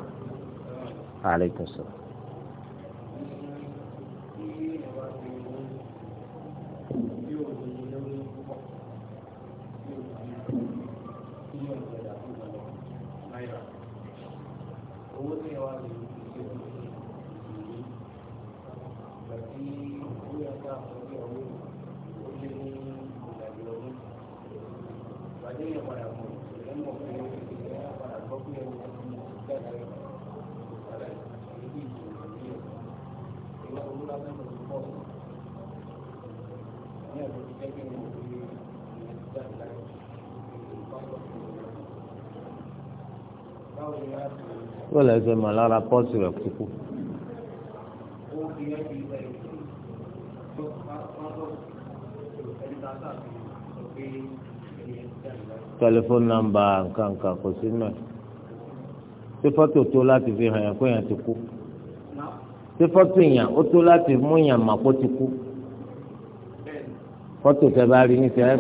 ó lè ṣe mọ̀ lára pọ́ọ̀sì rẹ̀ kúkú. tẹlifóònù nọ́mbà nǹkankan kò sí náà ṣé fọ́tò tó láti fi hàn yẹn kó yẹn ti kú ṣé fọ́tò yẹn ó tó láti mú yẹn mà kó ti kú fọ́tò tẹ bá rí ní tẹ ẹ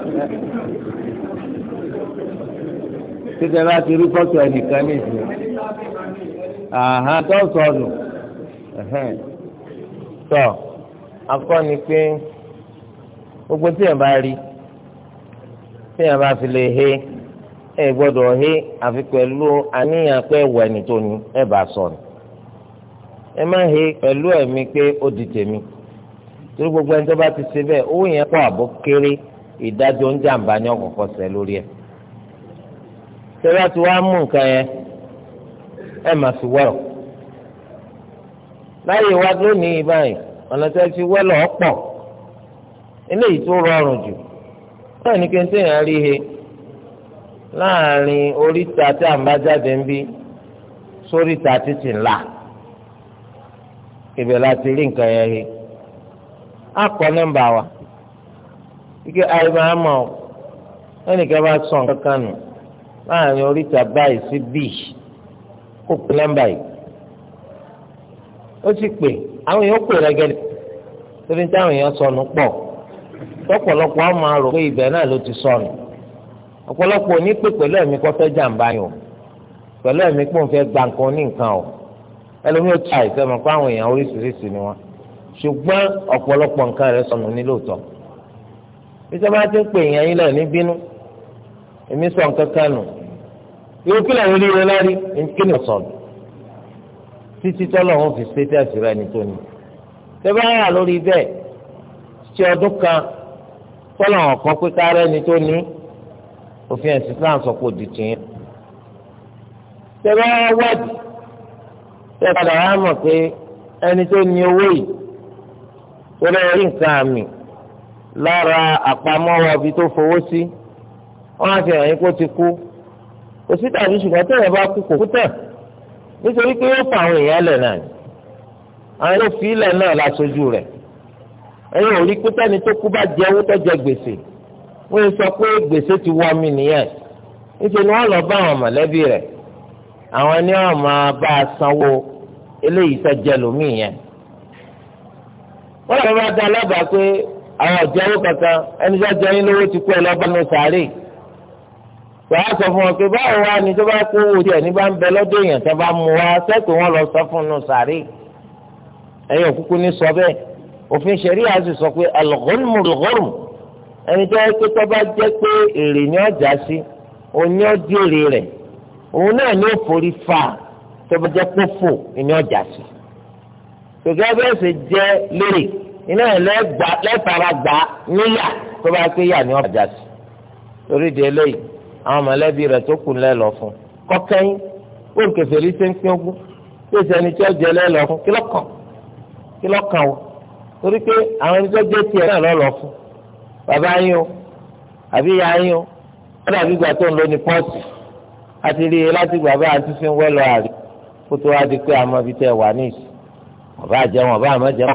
tẹ bá ti rí fọ́tò ẹnìkan ní ìsìn àhán tó sọnù tọ akọni pé gbogbo tí yẹn bá rí tí yẹn bá fi lè he ẹ gbọ́dọ̀ he àfi pẹ̀lú àníyàn pé ẹwà ẹni tó ní ẹ bá sọnù ẹ má he pẹ̀lú ẹ̀mí pé ó di tèmi torí gbogbo ẹni tó bá ti ṣe bẹ́ẹ̀ owó yẹn pọ̀ àbọ̀ kéré ìdájọ́ ń jàǹbá ní ọkọ̀ọ̀kọ̀ sẹ́ lórí ẹ̀. tẹ́lá ti mú nǹkan yẹn ẹ máa fi wẹ́rọ̀ láyé wa lónìí báyìí ọ̀nà tí a fi wẹ́lọ̀ ọ̀pọ̀ eléyìí tó rọrùn jù náà ní kéńté yẹn rí he láàrin oríta tí a ń bá jáde ń bí sóríta títì ńlá ibẹ̀ láti rí nǹkan yẹn he nọ́mbà wa ike àìmọ̀ sọ nù láàrin oríta báyìí sí kó pe nọ́mbà yìí ó sì pè àwọn èèyàn pè rẹ́gẹ́dẹ́ torí táwọn èèyàn sọnù pọ̀ lọ́pọ̀lọpọ̀ àwọn máa rò pé ibẹ̀ náà ló ti sọnù ọ̀pọ̀lọpọ̀ ní pè pẹ̀lú ẹ̀mí jàǹbá yìí o pẹ̀lú ẹ̀mí pò ń gba nǹkan ní nǹkan o ẹlòmíì ó ta ìfẹ́ mọ̀ pé àwọn èèyàn oríṣiríṣi ni wọn nǹkan sọnù ní ti ń pè sọ nǹkan kan yóò kílẹ̀ ń rí rẹ lárí kíni sọ̀rọ̀ títí tọ́lọ̀ wọn fi sétẹ́sì rẹ ní tóní. tẹ́bí àyà lórí bẹ́ẹ̀ ṣe ọdún kan tọ́lọ̀ wọn kọ́ pé kárẹ́ ní tóní òfin ẹ̀sìn Islam sọ pé òdì tìyẹn. tẹ́bí àyà wádìí tẹ́ padà wá mọ̀ pé ẹni tó ní owó yìí tó lọ́ọ́ nǹkan àmì lára àpamọ́wọ́ ibi tó fowó sí wọ́n á fi hàn yín kó ti kú òsì tàbí ṣùgbọ́n tẹ̀yẹ̀ bá kú kò kú tẹ̀ nítorí pé ó fa àwọn èèyàn lẹ̀ náà ni àwọn ló fi ilẹ̀ náà láṣojú rẹ̀ ẹ̀yìn òrí pé tẹ́ni tó kú bá jẹ owó tó jẹ gbèsè wọ́n yẹ sọ pé gbèsè ti wọ́ mi nìyẹn níṣẹ́ ni wọ́n lọ bá àwọn mọ̀lẹ́bí rẹ̀ àwọn ni wọ́n máa bá a sanwó eléyìí tó jẹ lómi yẹn wọ́n lọ bá dá alábàá pé àwọn ọ̀jẹ̀ owó kankan ẹni wàá sọ fún wọn pé báwo wá ni tó bá kó owó tiẹ̀ ní bá ń bẹ lọ́dọ̀ èèyàn tó bá mú wa sẹ́kù wọn lọ sọ fún un sàárè ẹ̀yìn òkúkú ní sọ bẹ́ẹ̀ òfin ṣẹ̀rí àti sọ pé alghulmu alghulmu ẹni tó yẹ pé tó bá jẹ́ pé èrè ni ọjà sí òní ọdí èrè rẹ̀ òun náà ní òfòrí fà tó bá jẹ́ pófò ní ọjà sí tòkẹ́ bẹ́ẹ̀ sì jẹ́ lérè iná lẹ́tara gbà níyà tó bá pé yà ní ọjà sí torí di eléyìí àwọn mọ̀lẹ́bí rẹ̀ tó kù lẹ́lọ́ fún kọ́kẹ́yìn ó ń kẹfẹ́rí ṣe ń pín ogún tó ṣe ẹni tí ó jẹ lẹ́lọ́ fún kílọ̀kàn kílọ̀kàn wọ torí pé àwọn ẹni tó jẹ tiẹ̀ náà lọ́lọ́ fún bàbá yín o àbí ìyá yín o ó dàbí ìgbà tó ń lo ní pọ́ọ̀sì àti rí i láti bàbá àti fi ń wẹ́ lọ àrí kó tó wá di pé àmọ́ fi tẹ̀ wà ní ìsìn bàbá àjẹwọ̀n bàbá àmọ́ jẹ́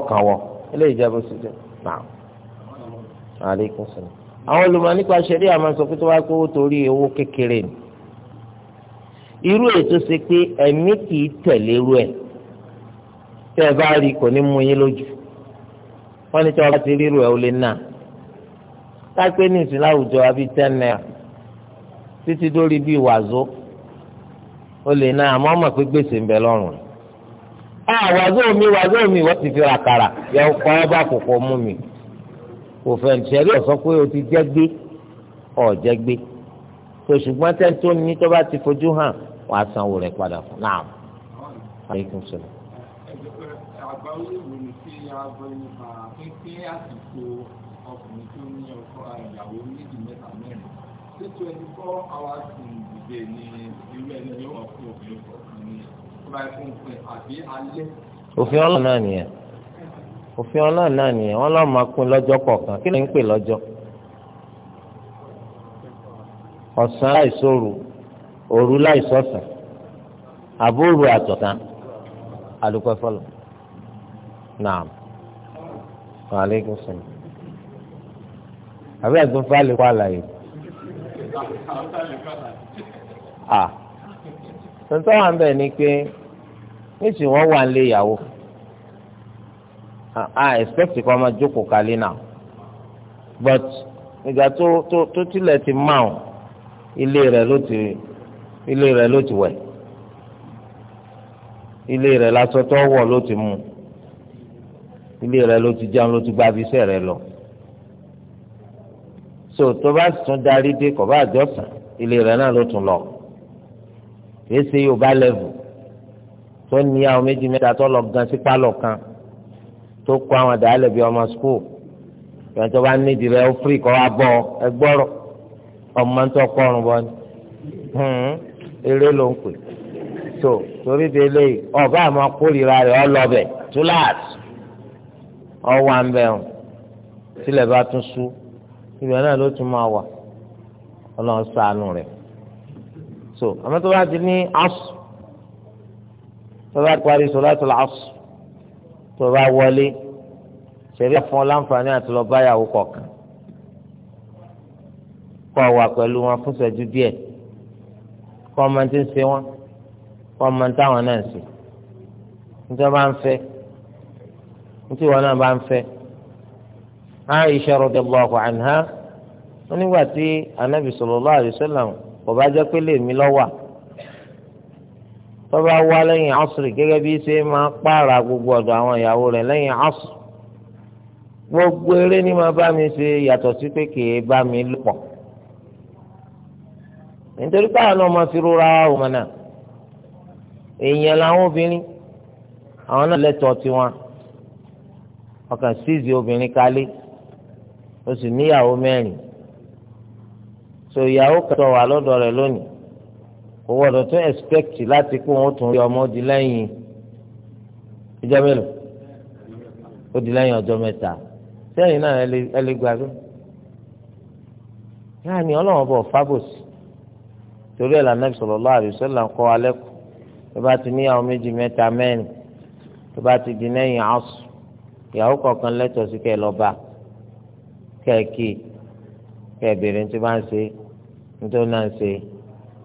àwọn olùmọ̀ nípa ṣẹ̀rí àmọ́ sọ pé tó bá pé owó torí owó kékeré ni irú ètò ṣe pé ẹ̀mí kì í tẹ̀lé irú ẹ̀ tẹ́ ẹ bá rí kò ní mú yín lójú wọ́n ní tí wọ́n bá ti rírò ẹ̀ ó lè nà tápé ní ìsìn láwùjọ àbí ten títí dórí bíi wàzó ó lè nà àmọ́ mọ̀ pé gbèsè ń bẹ lọ́rùn ah wàzó mi wàzó mi wọ́n ti fi ràkàrà yẹ kọ́ ẹ bá kòkó mú mi kò fẹ́ ṣẹ́rí ọ̀sán pé o ti jẹ́ gbé ọ̀jẹ́ gbé tó ṣùgbọ́n tẹ́ tó ní tó bá ti fojú hàn wà á sanwó rẹ̀ padà fún náà. aleykum salaam. àgbà olóòwò ni kí a bọ nípa pínpín àsìkò ọkùnrin tó ní ọkọ ìyàwó méjì mẹ́ta mẹ́rin ṣé twenty four hours in the day ni irú ẹni yóò wà fún obìnrin kọ̀ọ̀kan ní ọba ẹ̀fọn òfin àbí alẹ́. òfin ọlọ́run náà nìyẹn. òfin ọlọ́run náà nìyẹn wọn lọ́ọ́ máa pín lọ́jọ́ kọ̀ọ̀kan kí ló ń pè lọ́jọ́ ọ̀sán láìsóoru òru láìsọ̀sán àbóoru àtọ̀tán alùpùpù fọlọ́ naam wàhálẹ́kùn sọ̀rọ̀ àbí ẹ̀gbọ́n fáìlì kọ́ àlàyé à tuntun wà ń ni pé níṣìí wọ́n wà ń lé ìyàwó a expect kọ́ ọmọ jókòó kalẹ̀ náà but ìgbà tó tó tó tilẹ̀ ti máa ọ̀ ilé rẹ̀ ló ti ilé rẹ̀ ló ti wẹ̀ ilé rẹ̀ lásán tó wọ̀ ló ti mú ilé rẹ̀ ló ti jẹun ló ti gba abisẹ́ rẹ̀ lọ so tó bá tún darí dé kọ̀ bá àjọsàn ilé rẹ̀ náà ló tún lọ kìí ṣe yóò bá lẹ́vù tó ní àwọn méjì mẹ́ta tó lọ gan sí pálọ̀ kan tó kó àwọn dàálẹ̀ bíi ọmọ skul ìwọ̀n tó bá nídìí rẹ̀ ó firi kọ́ wa bọ̀ ẹ gbọ́rọ̀ ọmọ tó kọrùn bọ́ ni hmm, eré ló ń pè so torí de eléyìí ọba àmọ́ kórìíra rẹ̀ ọlọ́bẹ̀ túláàsì ọwọ́ àmbẹ̀hùn sílẹ̀ bá tún sú ibẹ̀ náà ló tún máa wà ọlọ́run ṣàánú rẹ̀ so àmọ́ tó bá ti ní asù tó bá parí sọ láti lọ asù tó bá wọlé ṣẹ̀rí àfọ̀n láǹfààní àti lọ báyàwó kọ̀ọ̀kan kọ́ wà pẹ̀lú wọn fún ṣẹ́jú díẹ̀ kọ́ ọmọ tí ń ṣe wọn kọ́ ọmọ táwọn náà ń ṣe nítorí bá ń fẹ́ nítorí wọn náà bá ń fẹ́ Aisha radiyallahu anha wọn nígbà tí anabi sallallahu alaihi wasallam kò bá jẹ́ pé lèmi lọ́wọ́ à tọ́ba wá lẹ́yìn asùrì gẹ́gẹ́ bí ṣe máa pààrà gbogbo ọ̀dọ̀ àwọn ìyàwó rẹ̀ lẹ́yìn asùrì gbogbo eré ni máa bá mi ṣe yàtọ̀ sí pé kì í bá mi lùpọ̀ nítorí káwọn náà máa fi rora ọmọ náà èèyàn làwọn obìnrin àwọn náà lẹ́tọ̀ọ́ tiwọn ọkàn síìzì obìnrin kálé ó níyàwó mẹ́rin so ìyàwó kẹtọ̀ wà lọ́dọ̀ rẹ̀ lónìí owó ọ̀dọ̀ tún expect láti kó wọn tún rí ọmọ di lẹ́yìn ìjọ mélòó ó di lẹ́yìn ọjọ́ mẹ́ta sẹ́yìn náà ẹ lè gbàgbé yáà ni ọlọ́run bọ̀ fábòsì torí ẹ̀ lànà sallallahu alaihi wasallam kọ́ alẹ́ kù tó bá ti níyàwó méjì mẹ́ta mẹ́rin tó bá ti di lẹ́yìn asù ìyàwó kọ̀ọ̀kan lẹ́tọ̀ọ́ sí kẹ́ ẹ lọ́ba kẹ́ ẹ kí bá ń ṣe ní náà ń ṣe.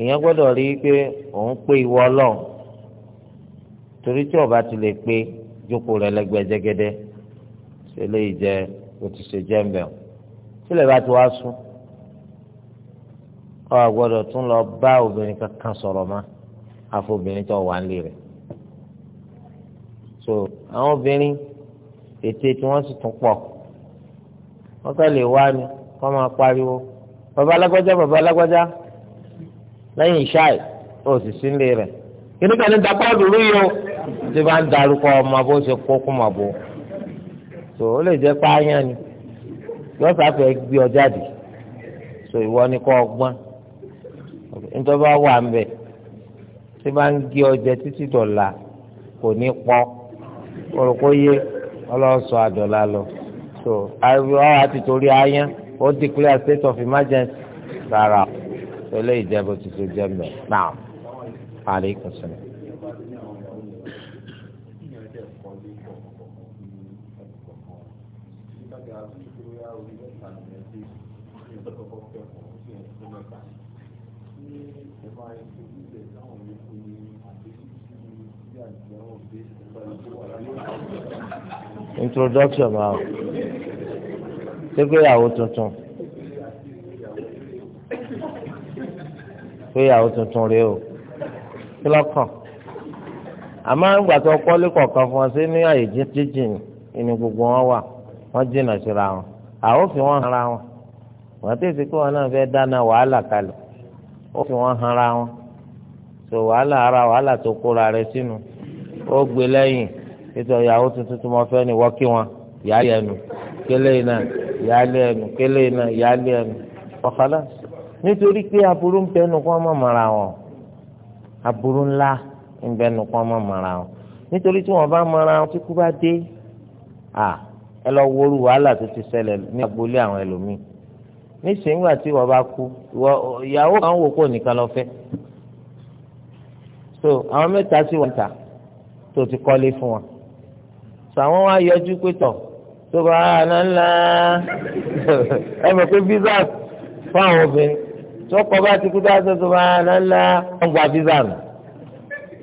èèyàn gbọ́dọ̀ rí i pé òun pé ìwọ ọlọ́run torí tí ọba ti lè pé jókòó rẹ̀ lẹ́gbẹ̀ẹ́ jẹ́gẹ́dẹ́ ṣe léyìí jẹ́ o ti ṣe jẹ́ mbẹ́ o tílẹ̀ bá ti wá sùn ọ àgbọ́dọ̀ tún lọ bá obìnrin kankan sọ̀rọ̀ mọ́ afọ obìnrin tó wà nílé rẹ̀ so àwọn obìnrin ète tí wọ́n sì tún pọ̀ wọ́n fẹ́ lè wá ni kọ́ máa pariwo bàbá alágbájá bàbá alágbájá. lẹ́yìn ìṣáì ó sílé rẹ̀ kíní kan ní dapò dúró yìí o tí bá ń darúkọ ọmọ bó ṣe kó bó o lè ni yóò sáfẹ́ gbé ìwọ ni kò gbọ́n nítorí wà ń bẹ̀ tí bá ń gé ọ títí dọ̀la kò ní pọ́ yé ọlọ́sọ lọ so àwọn àti torí ayán ó state of emergency rárá o. tẹlẹ ìjẹbù tuntun jẹ mẹ náà àlẹ kùsùn. introduction ma ṣé pé ìyàwó tuntun. pé tuntun rè o kí lọ́kàn àmọ́ ìgbà kọ́lé kọ̀ọ̀kan fún wọn sí ní àyè jíjìn gbogbo wọn wà wọ́n jìnnà síra wọn àwọn fi wọn hanra wọn wọ́n tẹ̀sí pé wọn náà fẹ́ dáná wàhálà kalẹ̀ ó fi wọn hanra wọn tó wàhálà ara wàhálà tó kóra sínú ó gbé lẹ́yìn ètò ìyàwó tuntun mọ fẹ́ ni wọ́n wọn yálé ẹnu kélé nítorí pé aburú ń bẹnu kó ọmọ mọ̀ra wọn aburú ńlá ń bẹnu kó ọmọ mọ̀ra wọn nítorí tí wọn bá mọ̀ra wọn tí kú bá dé à ẹ lọ wọlú wàhálà tó ti ṣẹlẹ̀ ní agboolé àwọn ẹlòmíì nísìnyí tí wọn bá kú ìyàwó kan wò kó nìkan lọ fẹ́ so àwọn mẹ́ta sí wọn ta tó ti kọ́lé fún wọn so àwọn wá yọjú pé tọ̀ tó bá hàn án ńlá ẹ mọ̀ pé visa fún àwọn obìnrin sọkọ bá ti kú tá a sọ sọ máa ná ńlá wọn gba visa nù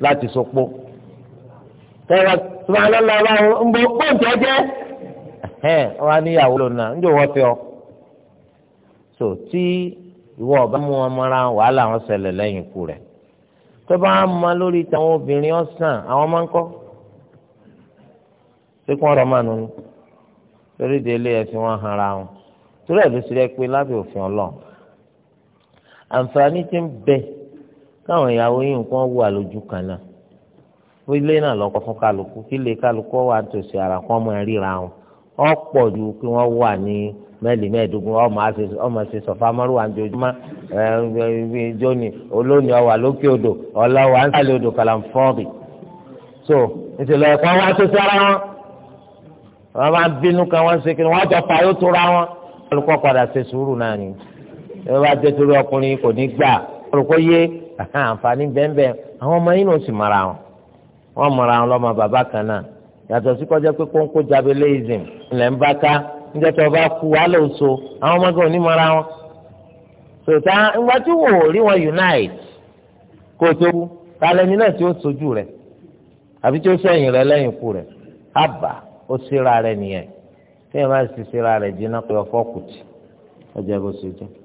láti sọpọ tẹlẹ sọ máa ná ńlá wọn ń bọ pọ́ǹtì ọjẹ́ ẹ̀hẹ́n wọn á níyàwó lónà ń jò wọ́n fi ọ. so tí ìwọ ọba mú wọn mọ́ra wàhálà wọn ṣẹlẹ̀ lẹ́yìn ikú rẹ̀ tó bá ń ma lórí tàwọn obìnrin ọ̀sán àwọn máa ń kọ́ ṣé kí wọ́n rọ máa nù ní torí délé ẹ̀sìn wọn hanra wọn torí ẹ̀ ló ṣe rẹ́ pé lábẹ́ òfin ọlọ́run àǹfààní ti ń bẹ káwọn ìyàwó yìí nǹkan wù àlójú kan náà wọ́n ilé náà lọ́kọ́ fún kálukú kí lè kálukú wà tòsí ara kó ọmọ ríra wọn ọ̀pọ̀ ju kí wọ́n wà ní mẹ́lì mẹ́ẹ̀ẹ́dógún ọmọ ṣe sọ̀fà mọ́rùwà ńdojúmọ́ jóni olóni ọwà lókè odò ọlọ́wà ń sálẹ̀ odò kàlàǹfọ́ọ̀bì so ìṣẹ̀lẹ̀ ẹ̀kọ́ wá tòsí ara wọn wọ́n máa ń bínú kan wọ́n ṣe kí wọ́n jọ fà yóò tóra wọn kálukú padà ṣe sùúrù náà nìyí. ẹ bá jẹ́ torí ọkùnrin kò ní gbà orúkọ yé àǹfààní bẹ́ẹ̀nbẹ́ẹ̀ àwọn ọmọ yìí náà sì wọn wọ́n mara wọn lọ́mọ bàbá kan yàtọ̀ sí pé kóńkó ń bá ká tó bá kú àwọn ọmọ gan ò ní wọn. sòtá ńgbà tí wò ó rí wọn unite kó o tó kú tálẹ́ni náà tí ó sojú rẹ̀ àbí tí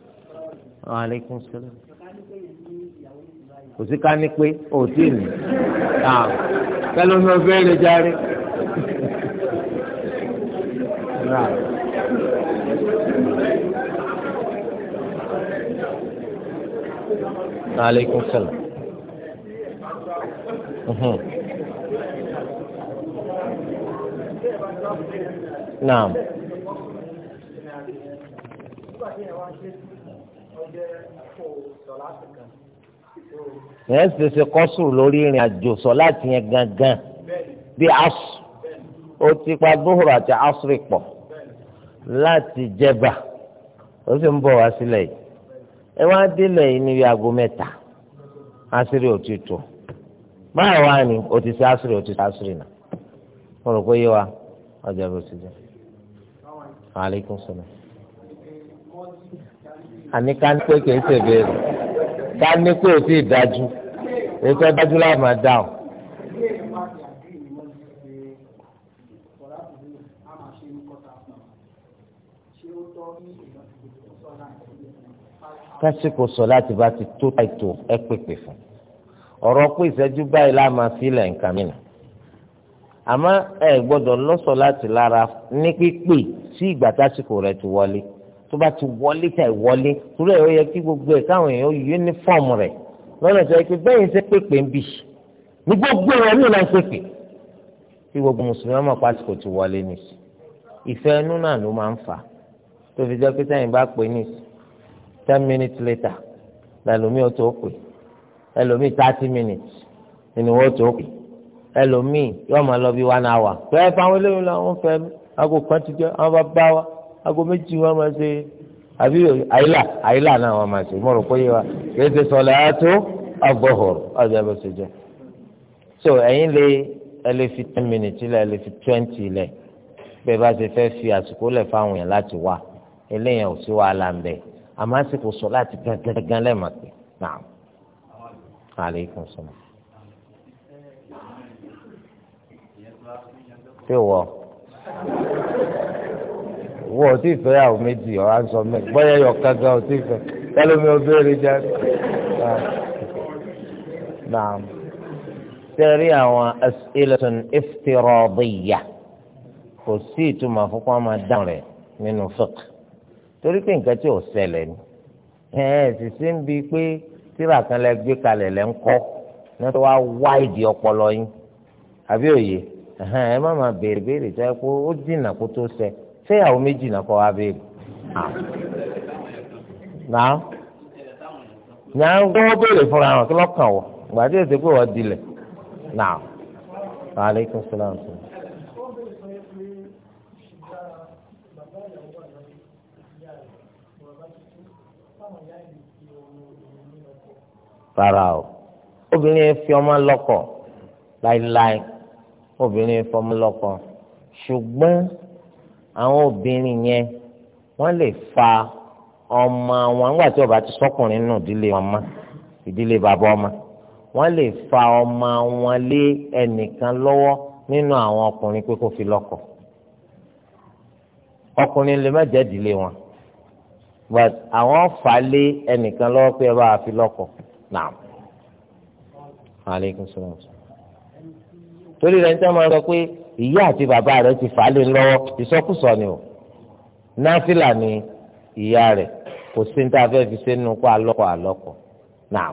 aleykum salaam kò sí ká ní pé ò sí ní ah, pẹ̀lú mi ò fẹ́ lè járe. aleykum salaam. Uh-huh. Naam. yẹn sì ṣe kọ́sùrù lórí ìrìn àjò sọ láti yẹn gangan bí asù ó ti pa dóhùrù àti asùrì pọ̀ láti jẹba ó sì ń bọ̀ wá sílẹ̀ yìí ẹ wá délẹ̀ yìí níbi aago mẹ́ta asìrì ò ti wá ní o ti ṣe asìrì o ti ṣe asìrì náà mo rò pé yé wa ọjà bó ti jẹ aleykum salaam àní ká ní pé kìí ṣe béèrè ká ní pé o ti dájú ètò ẹdájú láti máa dáhùn. kásìkò sọ láti bá ti tó àìtó ẹ pèpè fún ọ̀rọ̀ pé ìṣẹ́jú báyìí la máa sílẹ̀ nǹkan mìíràn àmọ́ ẹ gbọ́dọ̀ lọ́sọ̀ láti lára ní pípé sí ìgbà tásìkò rẹ̀ ti wọlé tó bá ti wọlé tẹ̀ wọlé torí ẹ̀ ó yẹ kí gbogbo ẹ̀ káwọn èèyàn yúnífọ̀mù rẹ̀ lọ́nà tó yẹ kí bẹ́yìn ṣe pépè ń bì ní gbogbo ìwọ ní ìlànà pépè tí gbogbo mùsùlùmí ọmọ pásítọ̀ ti wọlé ní sí ìfẹ́ inú náà ló máa ń fà á tó fi jẹ́ pé sẹ́yìn bá pè ní ten minutes later lẹ́lòmíì ó tó pè ẹlòmíì thirty minutes ni wọ́n tó pè ẹlòmíì yóò máa lọ bí one hour fẹ́ẹ́ fáwọn eléyìí làwọn fẹ́ aago kan ti jẹ́ àwọn bá bá wa aago méjì wọn máa ṣe é àbí àyílà àyílà náà wọn máa ṣe mo rò pé yé wa kìí ṣe sọlẹ àtó agbọhọrọ ọjà bó ṣe jẹ so ẹ̀yin lè ẹ lè fi ten minutes lẹ ẹ lè fi twenty lẹ pé bá ṣe fẹ́ fi àsìkò lẹ̀ fáwọn yẹn láti wá eléyàn ò sí wàhálà ń bẹ àmọ́ àsìkò sọ láti gángan lẹ́ẹ̀mọ̀ pé náà aleykum salaam. pé wọ́ọ́ wọ́n ò tí ì fẹ́ yàwó méjì ọ̀ à ń sọ mẹ́rin bọ́yá yọ kankan ò tí ì fẹ́ tẹ́lẹ̀ mi ò béèrè jẹ́ náà tẹ́rí àwọn as'ilatun iftiradiyya kò sí ìtumọ̀ fún kó máa dáhùn rẹ̀ nínú fiqh torí pé nǹkan tí ò ṣẹlẹ̀ ni ẹ̀ẹ́n sì ń bi pé tíra kan lẹ gbé kalẹ̀ lẹ ń kọ́ náà tó wá wá ìdí ọpọlọ yín àbí òye ẹ má máa béèrè béèrè tó kó ó dìnnà kó tó ṣẹ ṣé ìyàwó méjì náà kọ́ wá béèrè náà náà ń gbọ́ béèrè fúnra wọn kí lọ́kàn wọ̀ gbàdé ètò pé wọ́n dilẹ̀ náà aleykum salaam. rárá o obìnrin fi ọmọ lọ́kọ láéláé obìnrin yẹn fọmọ lọ́kọ ṣùgbọ́n àwọn obìnrin yẹn wọ́n lè fa ọmọ wọn nígbà tí ọba ti sọkùnrin nù ìdílé ọmọ ìdílé bàbá ọmọ wọ́n lè fa ọmọ wọn lé ẹnìkan lọ́wọ́ nínú àwọn ọkùnrin pé kó fi lọ́kọ ọkùnrin lè má jẹ́ ìdílé wọn but àwọn fà lé ẹnìkan lọ́wọ́ pé ẹ bá fi lọ́kọ náà aleykum salaam torí rẹ̀ ń tẹ́ mọ́ ẹ sọ pé ìyá àti bàbá rẹ̀ ti fà á lé lọ́wọ́ ìsọkúsọ ni o náfìlà ni ìyá rẹ̀ kò sí ní tá a fẹ́ fi ṣe nínú kó alọ́kọ̀ alọ́kọ̀ náà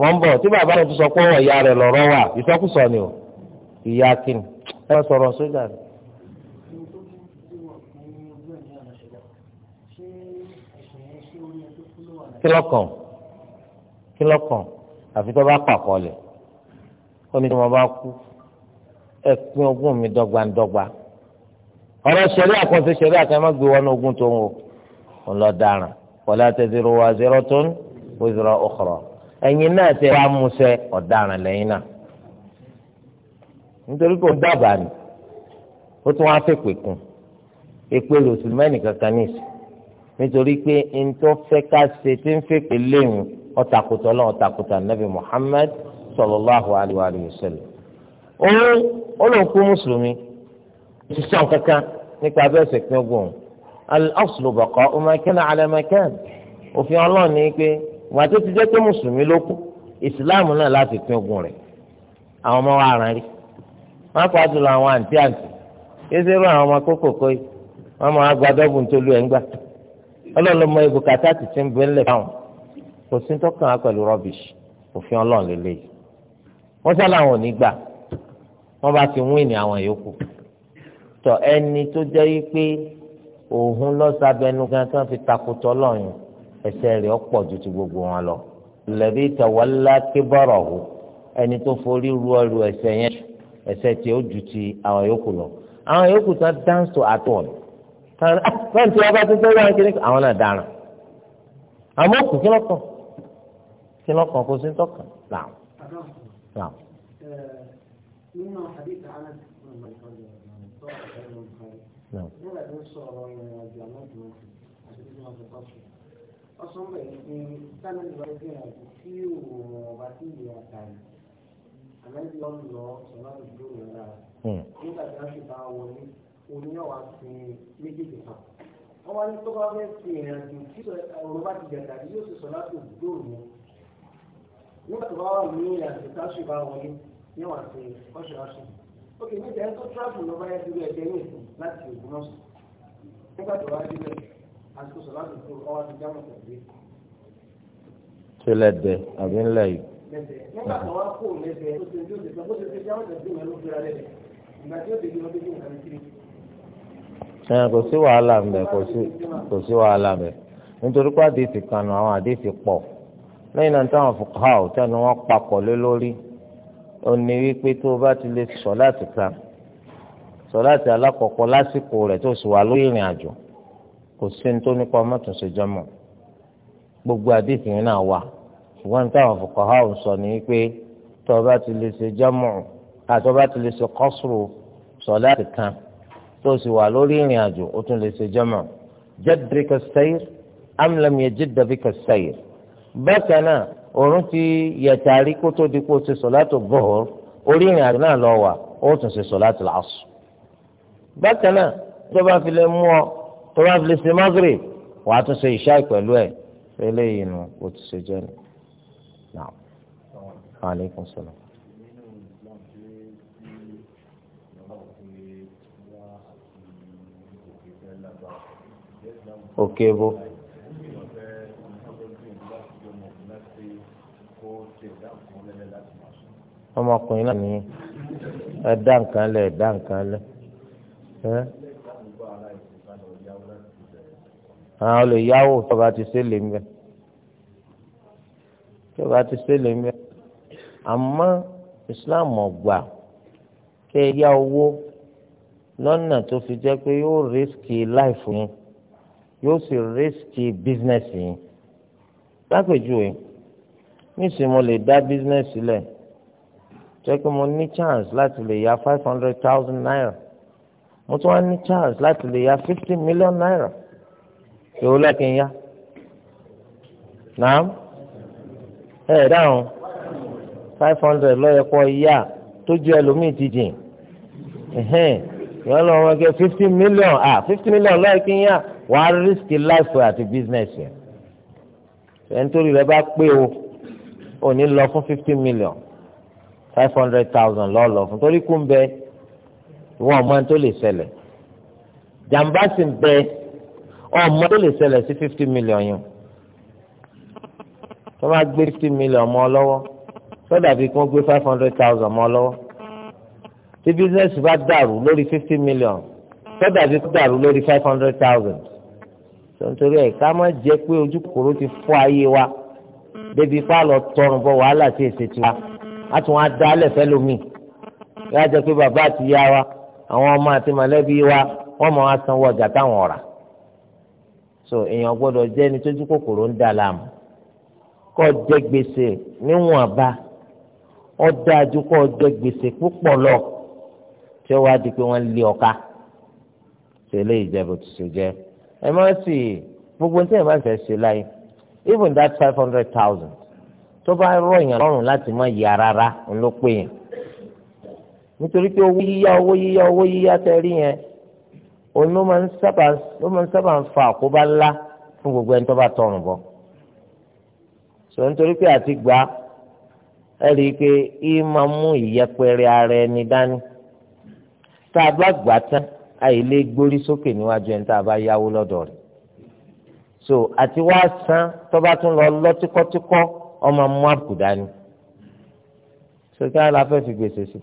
wọ́n bọ̀ tí bàbá rẹ̀ tún sọ pé ìyá rẹ̀ lọ́rọ́ wà ìsọkúsọ ni o ìyá kìnnì ẹ sọ̀rọ̀ sójà rẹ̀. kílọ̀kàn kílọ̀kàn àfi tó bá pàkọ́ lẹ̀ ó ní tí wọ́n bá kú ẹ pín ogún mi dọ́gbandọ́gba ọ̀rọ̀ ṣẹlẹ̀ àkọsí ṣẹlẹ̀ àkàmọ wọn ogún tó ń wò ń lọ dáràn wala taziru waziratun wizra ukhra ẹ̀yin náà wá ọ̀daràn lẹ́yìn náà nítorí pé ó dábàá ni ó tún wá fèpè kún èpè lòsùlùmẹ́nì kankan nítorí pé ká ṣe tí ń ọ̀tàkùtà ọlọ́run ọ̀tàkùtà nàbì ó lóun kú mùsùlùmí ó ti sàn kankan nípa abẹ́ ẹ̀sẹ̀ pín ogún al-aslu baqa'u ma kana ala ma kana òfin ọlọ́run ni pé wà tó ti jẹ́ pé mùsùlùmí ló kú ìsìláàmù náà láti pín ogún rẹ̀ àwọn ọmọ wa rán rí wọn kọ́ àdúrà àwọn àǹtí àǹtí kéde rú àwọn ọmọ kókòkò yìí wọn máa gba dọ́gùn tó lu ẹ̀ ń gbà ọlọ́run mọ ibùkátà ti ti ń bẹ́ ńlẹ̀ fáwọn kò sí tọ́kàn á pẹ̀lú rọ́bìṣì òfin ọlọ́run lélẹ́yìí wọ́n sá làwọn ò ní gbà wọ́n bá ti wíìnì àwọn yòókù tọ ẹni tó jẹ́ yí pé òun lọ́sàbẹ̀nu gan tí wọ́n fi takùtọ̀ lọ́yìn ẹsẹ̀ rẹ̀ ọ̀pọ̀ ju ti gbogbo wọn lọ lẹ́bí tawalla kibarahu ẹni tó forí ru ọrù ẹsẹ̀ yẹn ẹsẹ̀ tí ó ju ti àwọn yòókù lọ àwọn yòókù ah, tó dáńsọ àtọ̀ọ̀lù fẹ́ǹtì ọba tó tẹ́lẹ̀ wọn kiri àwọn náà dára àmọ́ kù kí lọ́kàn kí lọ́kàn kó sí tọ́kàn làwọn nínú àdìsí àná nígbà tó ń sọ̀rọ̀ ìrìnàjò àmọ́jọ́ àti tó máa fọ́pọ̀ sí ọsàn bẹ̀rẹ̀ pé sáà nígbà tó ń rìn tí òun ọba tí ìyá àtàrí àmọ́jọ́ lọ lọ sọ̀rọ̀ àdúgbò rẹ̀ lára hmm. nígbà tí wọ́n sì bá wọlé òní ọ̀wá sí méjèèjì kan wọ́n wá ní tó bá fẹ́ sí ìrìnàjò ti jẹ̀dá yóò sì sọ̀rọ̀ àdúgbò ní wàá ṣe ọṣẹ ọṣẹ ok níta ẹ tó tíráàpù lọ báyà dúró ẹgbẹ ní ìsìn láti ògùn náà nígbà tó wá dúró àsìkò sọ láti tó ọwọ́ ti dáhùn tẹ̀lé. tilẹ̀ dẹ àbí ńlẹ̀ yìí. nígbà tó wá kó lẹ́sẹ̀ ó ti ojú ìsìn bó ti fi dáhùn tẹ̀lé mẹ́lú fúra lẹ́sẹ̀ ìgbà tí ó ti di ọdún tó ń kàn sí. ẹ kò sí kò sí wàhálà ń nítorí pé àdéhìí kan nù àwọn àdéhìí pọ̀ lẹ́yìn náà táwọn fòkàá tẹnu wọn papọ̀ lé lórí ó ní wípé tó o bá ti lè sọ láti kan sọ láti alákọ̀ọ́kọ́ lásìkò rẹ̀ tó sì wà lórí ìrìn àjò kò sí ní tó nípa mọ́tòsí jọmọ́ gbogbo àdéhùn náà wà ṣùgbọ́n táwọn fòkànhá ò sọ ní wípé tó o bá ti lè ṣe jọmọ́ àti o bá ti lè ṣe kọ́sùrù sọ láti kan tó sì wà lórí ìrìn àjò ó tún lè ṣe jọmọ́ jẹ́dìrì kẹsẹ́yìr amúlẹ́mìyẹ jẹ́dàbí kẹsẹ́yìr bẹ́ẹ̀ kan náà òórùn ti yẹ̀tàrí kó tó di kó ṣe sọ̀látò bọ̀hùr orí ìrìn àjò náà lọ wà ó tún ṣe sọ̀látò làásù. bákan náà tó bá fi lè mú ọ tó bá fi lè ṣe mọ́gìrì wà á tún ṣe ìṣáì pẹ̀lú ẹ̀ fẹ́lẹ́ yìí nu ó ti ṣe jẹ́ ni. aleykum salaam. ọmọkùnrin náà ní ẹ dá nǹkan lẹ ẹ dá nǹkan lẹ ẹ àwọn olè yáwó tọba ti sẹlẹ ń bẹ tọba ti sẹlẹ ń bẹ àmọ́ Islam ọgbà kẹ yá owó lọ́nà tó fi jẹ́ pé yóò rìsíkì láìfù yín yóò sì rìsíkì bísínẹ́sì yín lápèjúwe nísìnyí mo lè dá bísínẹ́sì lẹ̀ jẹ́ pé mo ní chance láti lè ya five hundred thousand naira mo tún wá ní chance láti lè ya fifty million naira yòó lẹ́kìn ya naam ẹ ẹ dáhùn five hundred lọ́yẹ̀ kọ́ ya tó ju ẹlòmíì ti jìn yọ̀ọ́ lọ́wọ́ gẹ́ fifty million ah fifty million lọ́yẹ̀kìn ya wàá risk life àti business yẹn ẹ̀ ń torí rẹ bá pé o ò ní lọ fún fifty million five hundred thousand lọ́ọ̀lọ́ fún torí kú ń bẹ ìwọ ọmọ tó lè ṣẹlẹ̀ jàǹbá sì ń bẹ ọmọ tó lè ṣẹlẹ̀ sí fifty million yẹn tó bá gbé fifty million mọ́ ọ lọ́wọ́ tó dàbí kí wọ́n gbé five hundred thousand mọ́ ọ lọ́wọ́ tí business bá dàrú lórí fifty million tó dàbí kó dàrú lórí five hundred thousand tó ń torí ẹ̀ ká má jẹ́ pé ojú kòkòrò ti fọ́ ayé wa débi ipá lọ tọrùn bọ wàhálà tí èsì tiwa a tún wá dá alẹ́ fẹ́ lómi yóò jẹ́ pé bàbá àti ìyá wa àwọn ọmọ àti mọ̀lẹ́bí wa wọ́n mọ̀ wá sanwó ọjà táwọn ọ̀rà so èèyàn gbọ́dọ̀ jẹ́ ẹni tójú kòkòrò ń dà láàmú kọ́ jẹ gbèsè níwọ̀nba ó dájú kọ́ jẹ gbèsè púpọ̀ lọ tí ó wá di pé wọ́n lé ọ̀ka tẹ̀lé ìjẹ́bù tó ṣe jẹ́ ẹ má sì gbogbo ní tẹ̀yìn bá fẹ́ ṣe láyé even that five hundred thousand tó bá rọ èèyàn lọ́rùn láti má yà rárá ń ló pè yàn nítorí pé owó yíyá owó yíyá owó yíyá tẹ rí yẹn òun ló máa ń sábà ló máa ń sábà ń fa àkóbá ńlá fún gbogbo ẹni tó bá tọrùn bọ sọ nítorí pé àti gbà ẹ rí i pé í máa mú ìyẹpẹrẹ ara ẹni dání tá a bá gbà tán àìlè gbórí sókè níwájú ẹni tá a bá yáwó lọ́dọ̀ rẹ̀ so àti wá san tó bá tún lọ lọ ọmọ mú àbùkùdá ni sókè àlà fẹ́ fi gbèsè sí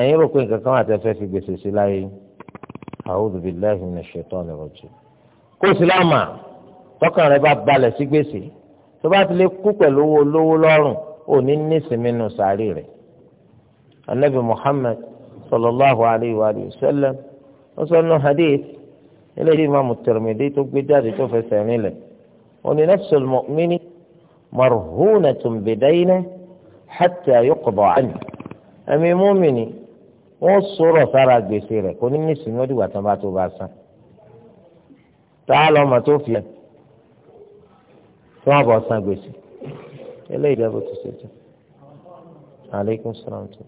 ẹ̀yin rò pé nǹkan kan wà tẹ́ fẹ́ fi gbèsè sí láyé a'udhu billahi minash shaitani rajim kó sílámà tọkàn rẹ bá balẹ̀ sí gbèsè tó bá ti lè kú pẹ̀lú owó olówó lọ́rùn òní nísìmí nù sàárì rẹ̀ anabi muhammad sallallahu alayhi wa sallam wọ́n sọ hadith ilé ìdí imaamu Tirmidhi tó gbé jáde tó fẹsẹ̀ rìn lẹ̀. نفس المؤمن مرهونة بدينه حتى يقضى عنه أمي مؤمني والصورة ترى بسيرة كون الناس نودي وتماتوا باسا تعالوا ما توفي ثم باسا بسيرة eléyìí dẹ́gbẹ́ tó ṣe jẹ́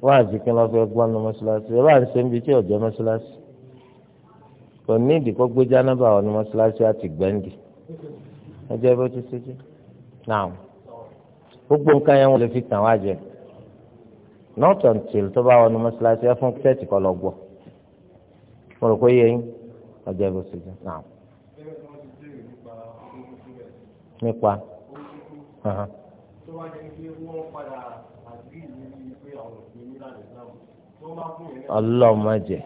wáàzì kí wọn fẹ́ gbọ́ ní mọ́ṣáláṣí ẹ bá ń ṣe ń bi tí ọ̀jọ́ mọ́ṣáláṣí kò ní ìdíkọ́ gbé jánábà ọ̀ ní mọ́ṣáláṣí àti gbẹ́ǹdì ẹjọ́ bó ti ṣe jẹ́ náà gbogbo nǹkan yẹn wọn lè fi tàn wá jẹ not until tó bá wọn ní mọ́ṣáláṣí ẹ fún kẹ́ẹ̀tì kọ́ lọ gbọ́ mo rò pé yẹ yín bó ti jẹ́ náà nípa. Uh-huh ọlọ́mọdé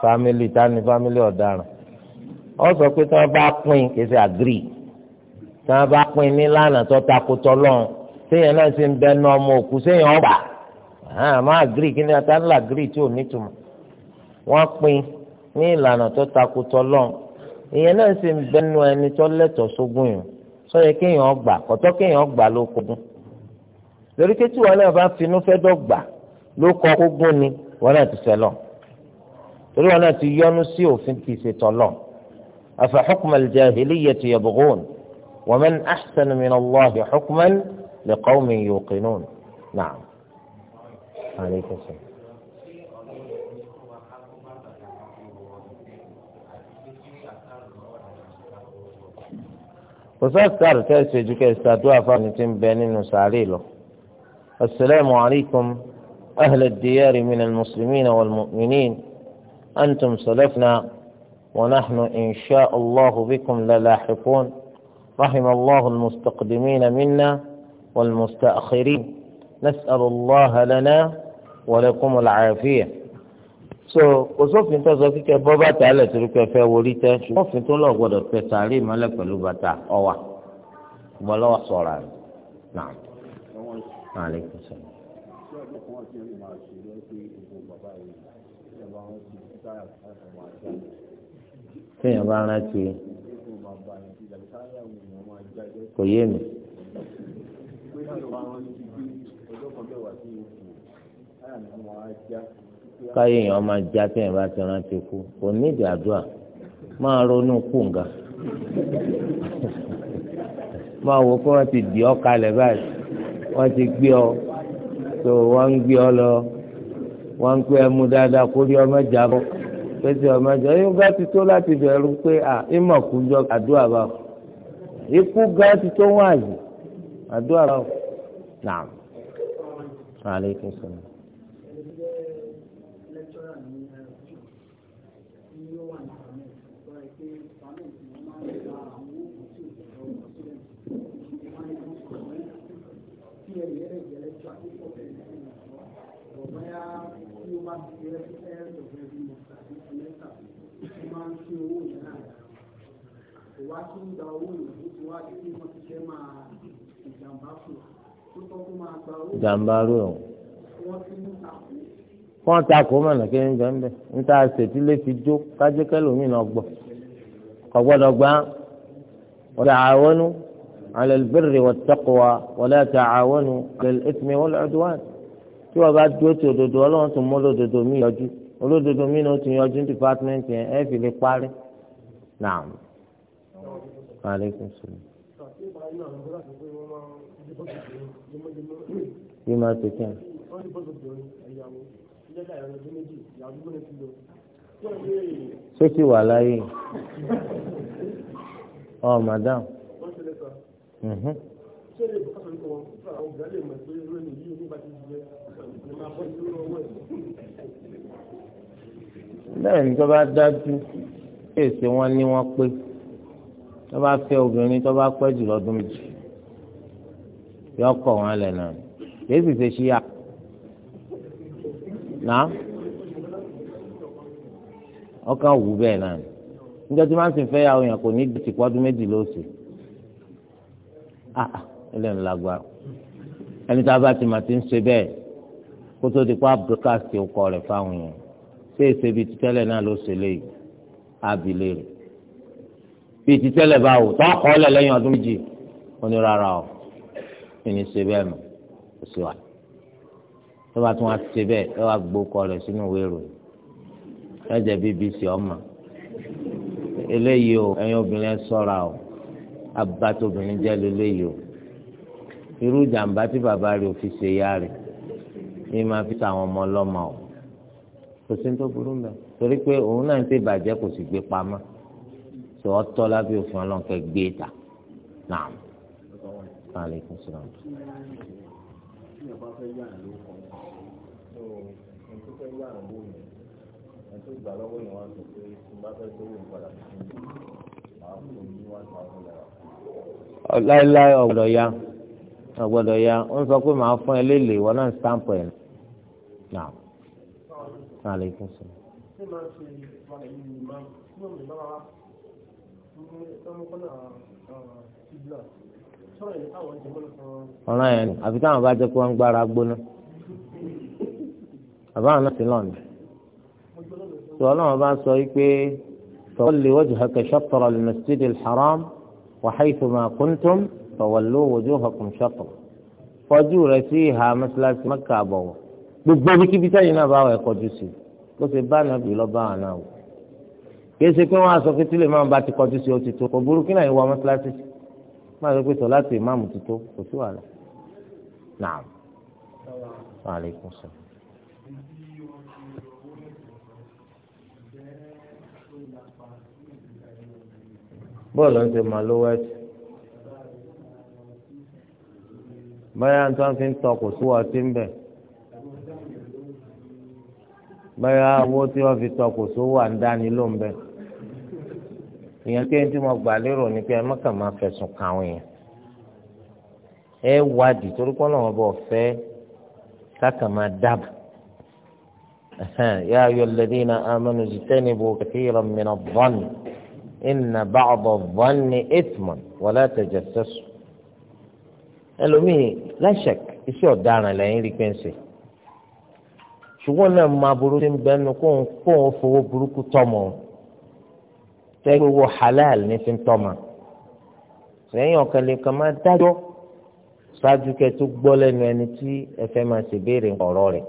fámìlì tani fámìlì ọ̀daràn ọ sọ pé tí wọ́n bá pín kì í ṣe àgírí tí wọ́n bá pín ní lánàá tó takotọ́ lọ́hùn séèyàn náà ṣe ń bẹnu ọmọ òkú séèyàn ọgbà àmọ́ àgírí kí ni àtàlà àgírí tí ò nítumọ̀ wọ́n pín ní ìlànà tó takotọ́ lọ́hùn èèyàn náà ṣe ń bẹnu ẹni tó lẹ́tọ̀ọ́ sógún yìí sọ yẹ kéèyàn ọgbà kọ́tọ́ kéèyàn ọgbà ló kogún lórí pé tí wọn náà bá finú fẹ́ dọ́gba ló kọ́ ogún ni wọn náà ti fẹ́ lọ torí wọn náà ti yọnu sí òfin ti ṣètò kì lọ afa hukma al-jahiliyyati yabghun yẹ man ahsana wọn Allahi hukman mi qawmin wọn na'am. Alaikum lè kò yóò sọ́ọ̀tì àrùtẹ́ ìṣèjú kẹ́ ìṣàdúrà fáwọn ti ń bẹ nínú sàárè lọ. السلام عليكم أهل الديار من المسلمين والمؤمنين أنتم سلفنا ونحن إن شاء الله بكم للاحقون رحم الله المستقدمين منا والمستأخرين نسأل الله لنا ولكم العافية so kò sófin tó sọ kíkẹ bọ́ bàtà alẹ̀ torí pé fẹ́ wọlé tẹ́ ṣùgbọ́n òfin tó lọ gbọdọ̀ pẹ́ sàárè mọ́lẹ̀ pẹ̀lú bàtà ọwà gbọ́lọ́wọ́ sọ̀rọ̀ àná. Alaikum salaam. téèyàn bá rántí kò yé mi. káyé èèyàn máa já téèyàn bá ti rántí kú kò nídìí àdúrà máa ronú kú nga máa wò kó wọn ti dì ọ́ kalẹ̀ báyìí wọ́n ti gbé ọ tó wọ́n ń gbé ọ lọ wọ́n ń pẹ́ ẹmu dáadáa kórí ọmọ ìjà bọ́ pèsè ọmọ ìjà yóò bá ti tó láti bẹ̀rù pé à ìmọ̀ kú jọ àdúrà bá o ikú gan ti tó wọ́n àyè àdúrà bá o nàá. Aleykum salaam. jẹ́ parent of every month àti semester ó máa ń ṣe owó yẹn náà kò wá sí ń gba ń ta ṣètìlé fi jó kájẹ́kẹ́ lómi náà gbọ́ kò gbọ́dọ̀ gbá wọ́n dà àwọn nù. على البر والتقوى ولا تعاونوا على الإثم والعدوان tí wọ́n bá dúró ti òdodo ọlọ́run tún mú olódodo mi yọjú olódodo mi náà tún yọjú ní dìpátímẹ́ǹtì yẹn ẹ fi lè parí náà maaleykum salaam. bí máa ti kẹ́ ẹ̀. ṣé ti wà láyé ọ madam. ṣé ilé ìbùkún sọ̀rọ̀ kọ̀ fún àwọn obìnrin lè mọ̀ pé yìí nígbà tí ó ti jẹ́ bẹ́ẹ̀ ni tó bá dájú èsì wọn ní wọn pé tó bá fẹ́ obìnrin tó bá pẹ́ jù lọ́dún méjì yọ kọ̀ wọn lẹ̀ náà kìí sì ṣe ṣíyà náà ọkàn wù bẹ́ẹ̀ náà níjọ́ tí máa ń sìn fẹ́yàwó yẹn kò ní tìpọ́ ọdún méjì lóṣù ah ẹlẹ́nu ah, lágbára ẹni tá a bá ti mà ti ń ṣe bẹ́ẹ̀ kó tó di pa abdulkasi ọkọ rẹ̀ fáwọn yẹn ṣé èsè bíi títẹ́lẹ̀ náà ló ṣe léyìí abilé rẹ̀ bíi títẹ́lẹ̀ báwo tó ọkọ̀ ọ̀lẹ̀ lẹ́yìn ọdún méjì ó ní rárá o ìní ṣe bẹ́ẹ̀ mọ̀ kò sí wa tó bá tún wá ṣe bẹ́ẹ̀ ẹ wá gbó ọkọ rẹ̀ sínú ìwé ìròyìn ẹ jẹ́ BBC ọmọ eléyìí o ẹ̀yin obìnrin ẹ ṣọ́ra o abatobìnrin jẹ́ lélẹ́yìí o irú jàǹbá tí bàbá rẹ̀ ò fi ṣe yá rẹ̀ ní máa fi ta àwọn ọmọ ọlọ́mọ o kò sí ní tó burú mbẹ torí pé òun náà ń tẹ bàjẹ́ kò sì gbé pamọ́ tó ọ tọ́ lábẹ́ òfin ọlọ́nkẹ́ gbé e ta náà aleykum salaam. láéláé ọ̀gbọ́dọ̀ ya ọgbọ́dọ̀ ya ó ń sọ pé màá fún ẹ lélẹ wọn náà stamp ẹ náà sàlẹ kún sí. ọ̀ràn yẹn àfi táwọn bá jẹ́ pé wọ́n ń gbára gbóná àbá àwọn náà ti lọ́ọ̀nù tí ọlọ́run bá sọ wípé fawalli wajhaka shatra al-masjid al-haram wa haythu ma kuntum fawallu wujuhakum shatr kọjú rẹ sí ìhà mọ́sálásí mẹ́kà àbọ̀wọ̀ gbogbo ibikíbi táyì náà bá wà ẹ̀ kọjú sí bó ṣe bá nàbì lọ́ba àwọn náà wò kìí ṣe pé wọ́n á sọ pé tí lè máa bá ti kọjú sí o kò burú náà ìwà mọ́sálásí máa sọ pé sọ láti ìmáàmù ti kò sí wàhálà náà alaikum salaam. bọ́ọ̀lù ń ṣe máa báyà tí wọ́n fi ń tọ kò sí wọ́n ti ń bẹ̀ báyà owó tí wọ́n fi tọ kò sí wà ń dání ló ń bẹ̀ ìyẹn pé tí mo gbà lérò ni pé ẹ mọ̀kàn máa fẹ̀sùn kàn wọ́n yẹn ẹ wádìí torí kọ́ náà wọ́n bọ̀ fẹ́ kákan máa dábàá. يا أيها الذين آمنوا اجتنبوا ẹlòmíì láṣẹk iṣẹ́ ọ̀daràn lẹ́yìn rí pẹ́ǹsì ṣùgbọ́n náà máa burú sí bẹ́ẹ̀nu kóun kóun fowó burúkú tọmọ tẹ́gbẹ́ wo halal ní fi ń tọmọ sẹ́yìn ọ̀kan lè kàn máa dájọ́ ṣáájú kẹ́ tó gbọ́ lẹ́nu ẹni tí ẹ fẹ́ máa ṣèbéèrè ọ̀rọ̀ rẹ̀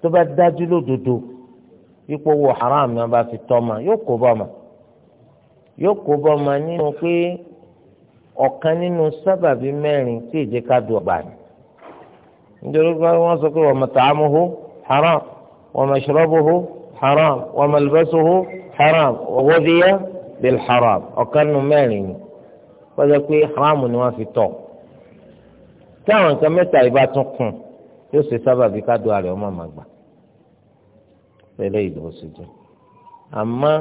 tó bá dájú lódodo ipò wo haram náà bá fi tọmọ yóò kó bọ́ ọmọ yóò kó bọ́ ọmọ nínú pé ọ̀kan nínú sábàbí mẹ́rin tí èjì ká du ọgbà ni nítorí pé wọ́n sọ pé wa mat'amuhu haram wa mashrabuhu haram wa malbasuhu haram wa ghudhiya bil haram ọ̀kan nínú mẹ́rin ni wọ́n sọ pé haram ni wọ́n fi tọ̀ táwọn nǹkan mẹ́ta ìbá tún kùn yóò ṣe sábàbí ká du àrẹ ọmọ màgbà pẹ̀lẹ́ ìdòwòsójú àmọ́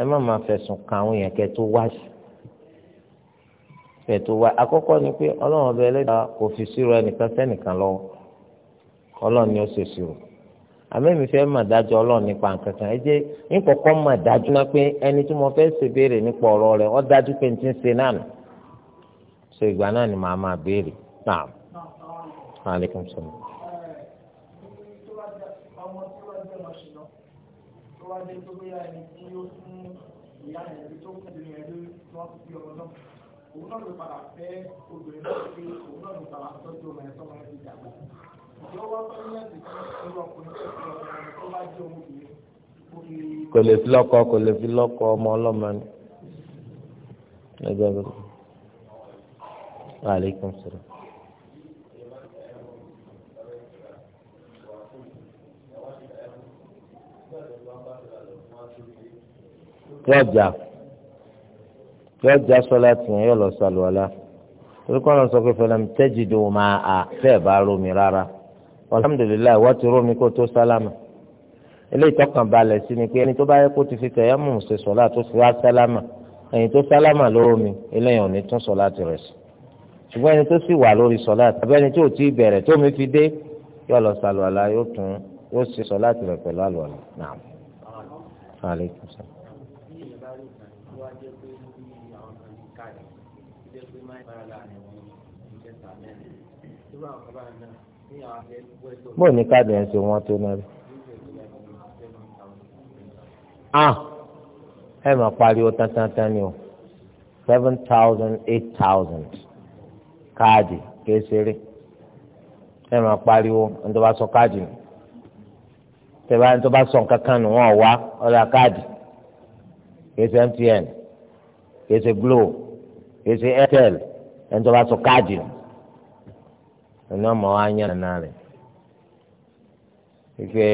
ẹ má máa fẹ̀sùn kàn àwọn yẹn kẹ́ tó wáṣí. rẹ̀ wa wá àkọ́kọ́ ni pé ọlọ́run ọba ẹlẹ́dàá kò fi sírò ẹnìkan sẹ́nìkan lọ́wọ́ ọlọ́run ni ó ṣe sírò àmẹ́mi fẹ́ mà dájú ọlọ́run nípa nǹkan kan ẹ jẹ́ nípọ̀kọ́ mà dájú náà pé ẹni tí mo fẹ́ ṣe béèrè nípa ọ̀rọ̀ rẹ̀ ó dájú pé n ti ń ṣe náà nù so ìgbà náà ni màá máa béèrè náà òun náà ló padà fẹ́ obìnrin náà pé òun náà ló padà tọ́jú ọmọ ẹ̀ sọ́mọ ẹ̀ ti dàgbà ìjọ wá fẹ́ láti fi ọlọ́kùnrin bẹ́ẹ̀ fi ọmọ ẹ̀ tó bá jẹ́ ọmọbìnrin. kò lè fi lọ́kọ kò lè fi lọ́kọ ọmọ ọlọ́mọ ni ẹgbẹ́ bẹ́ẹ̀ wàlẹ́kùn sọ̀rọ̀. Roger yóò já sọlá tì yẹn yóò lọ sàlùwàlà torí kọ́ ló sọ pé fẹlẹ́ tẹ́jì dùn máa à tẹ́ ẹ̀ bá romi rárá alhamdulilayi wọ́n ti romi kó tó sálámà eléyìí tọkàn balẹ̀ sí ni pé ẹni tó bá yẹ kó ti fi tẹ̀yẹ́ mú un ṣe sọlá tó fi wá sálámà ẹ̀yìn tó sálámà ló romi eléyìí ò tún sọlá ti rẹ̀ sí ṣùgbọ́n ẹni tó sì wà lórí sọlá tàbí ẹni tó ti bẹ̀rẹ̀ tó mi fi dé yóò lọ sàlùwàlà yóò tún yóò ṣe sọlá ti rẹ̀ pẹ̀lú àlùwàlà náà. bóyá ní káàdì ẹ̀ ń ṣe wọ́n tó náà rí. ah ẹ máa pariwo tántánta ni o seven thousand eight thousand káàdì kéṣeré ẹ máa pariwo ẹni tó bá sọ káàdì nù tẹ̀bá ẹni tó bá sọ nǹkan kan nù wọ́n wá ọ̀dà káàdì kéṣe MTN kéṣe Glo kéṣe Airtel ẹni tó bá sọ káàdì nù ẹni ọmọ wa ń yànnà rẹ̀ wípé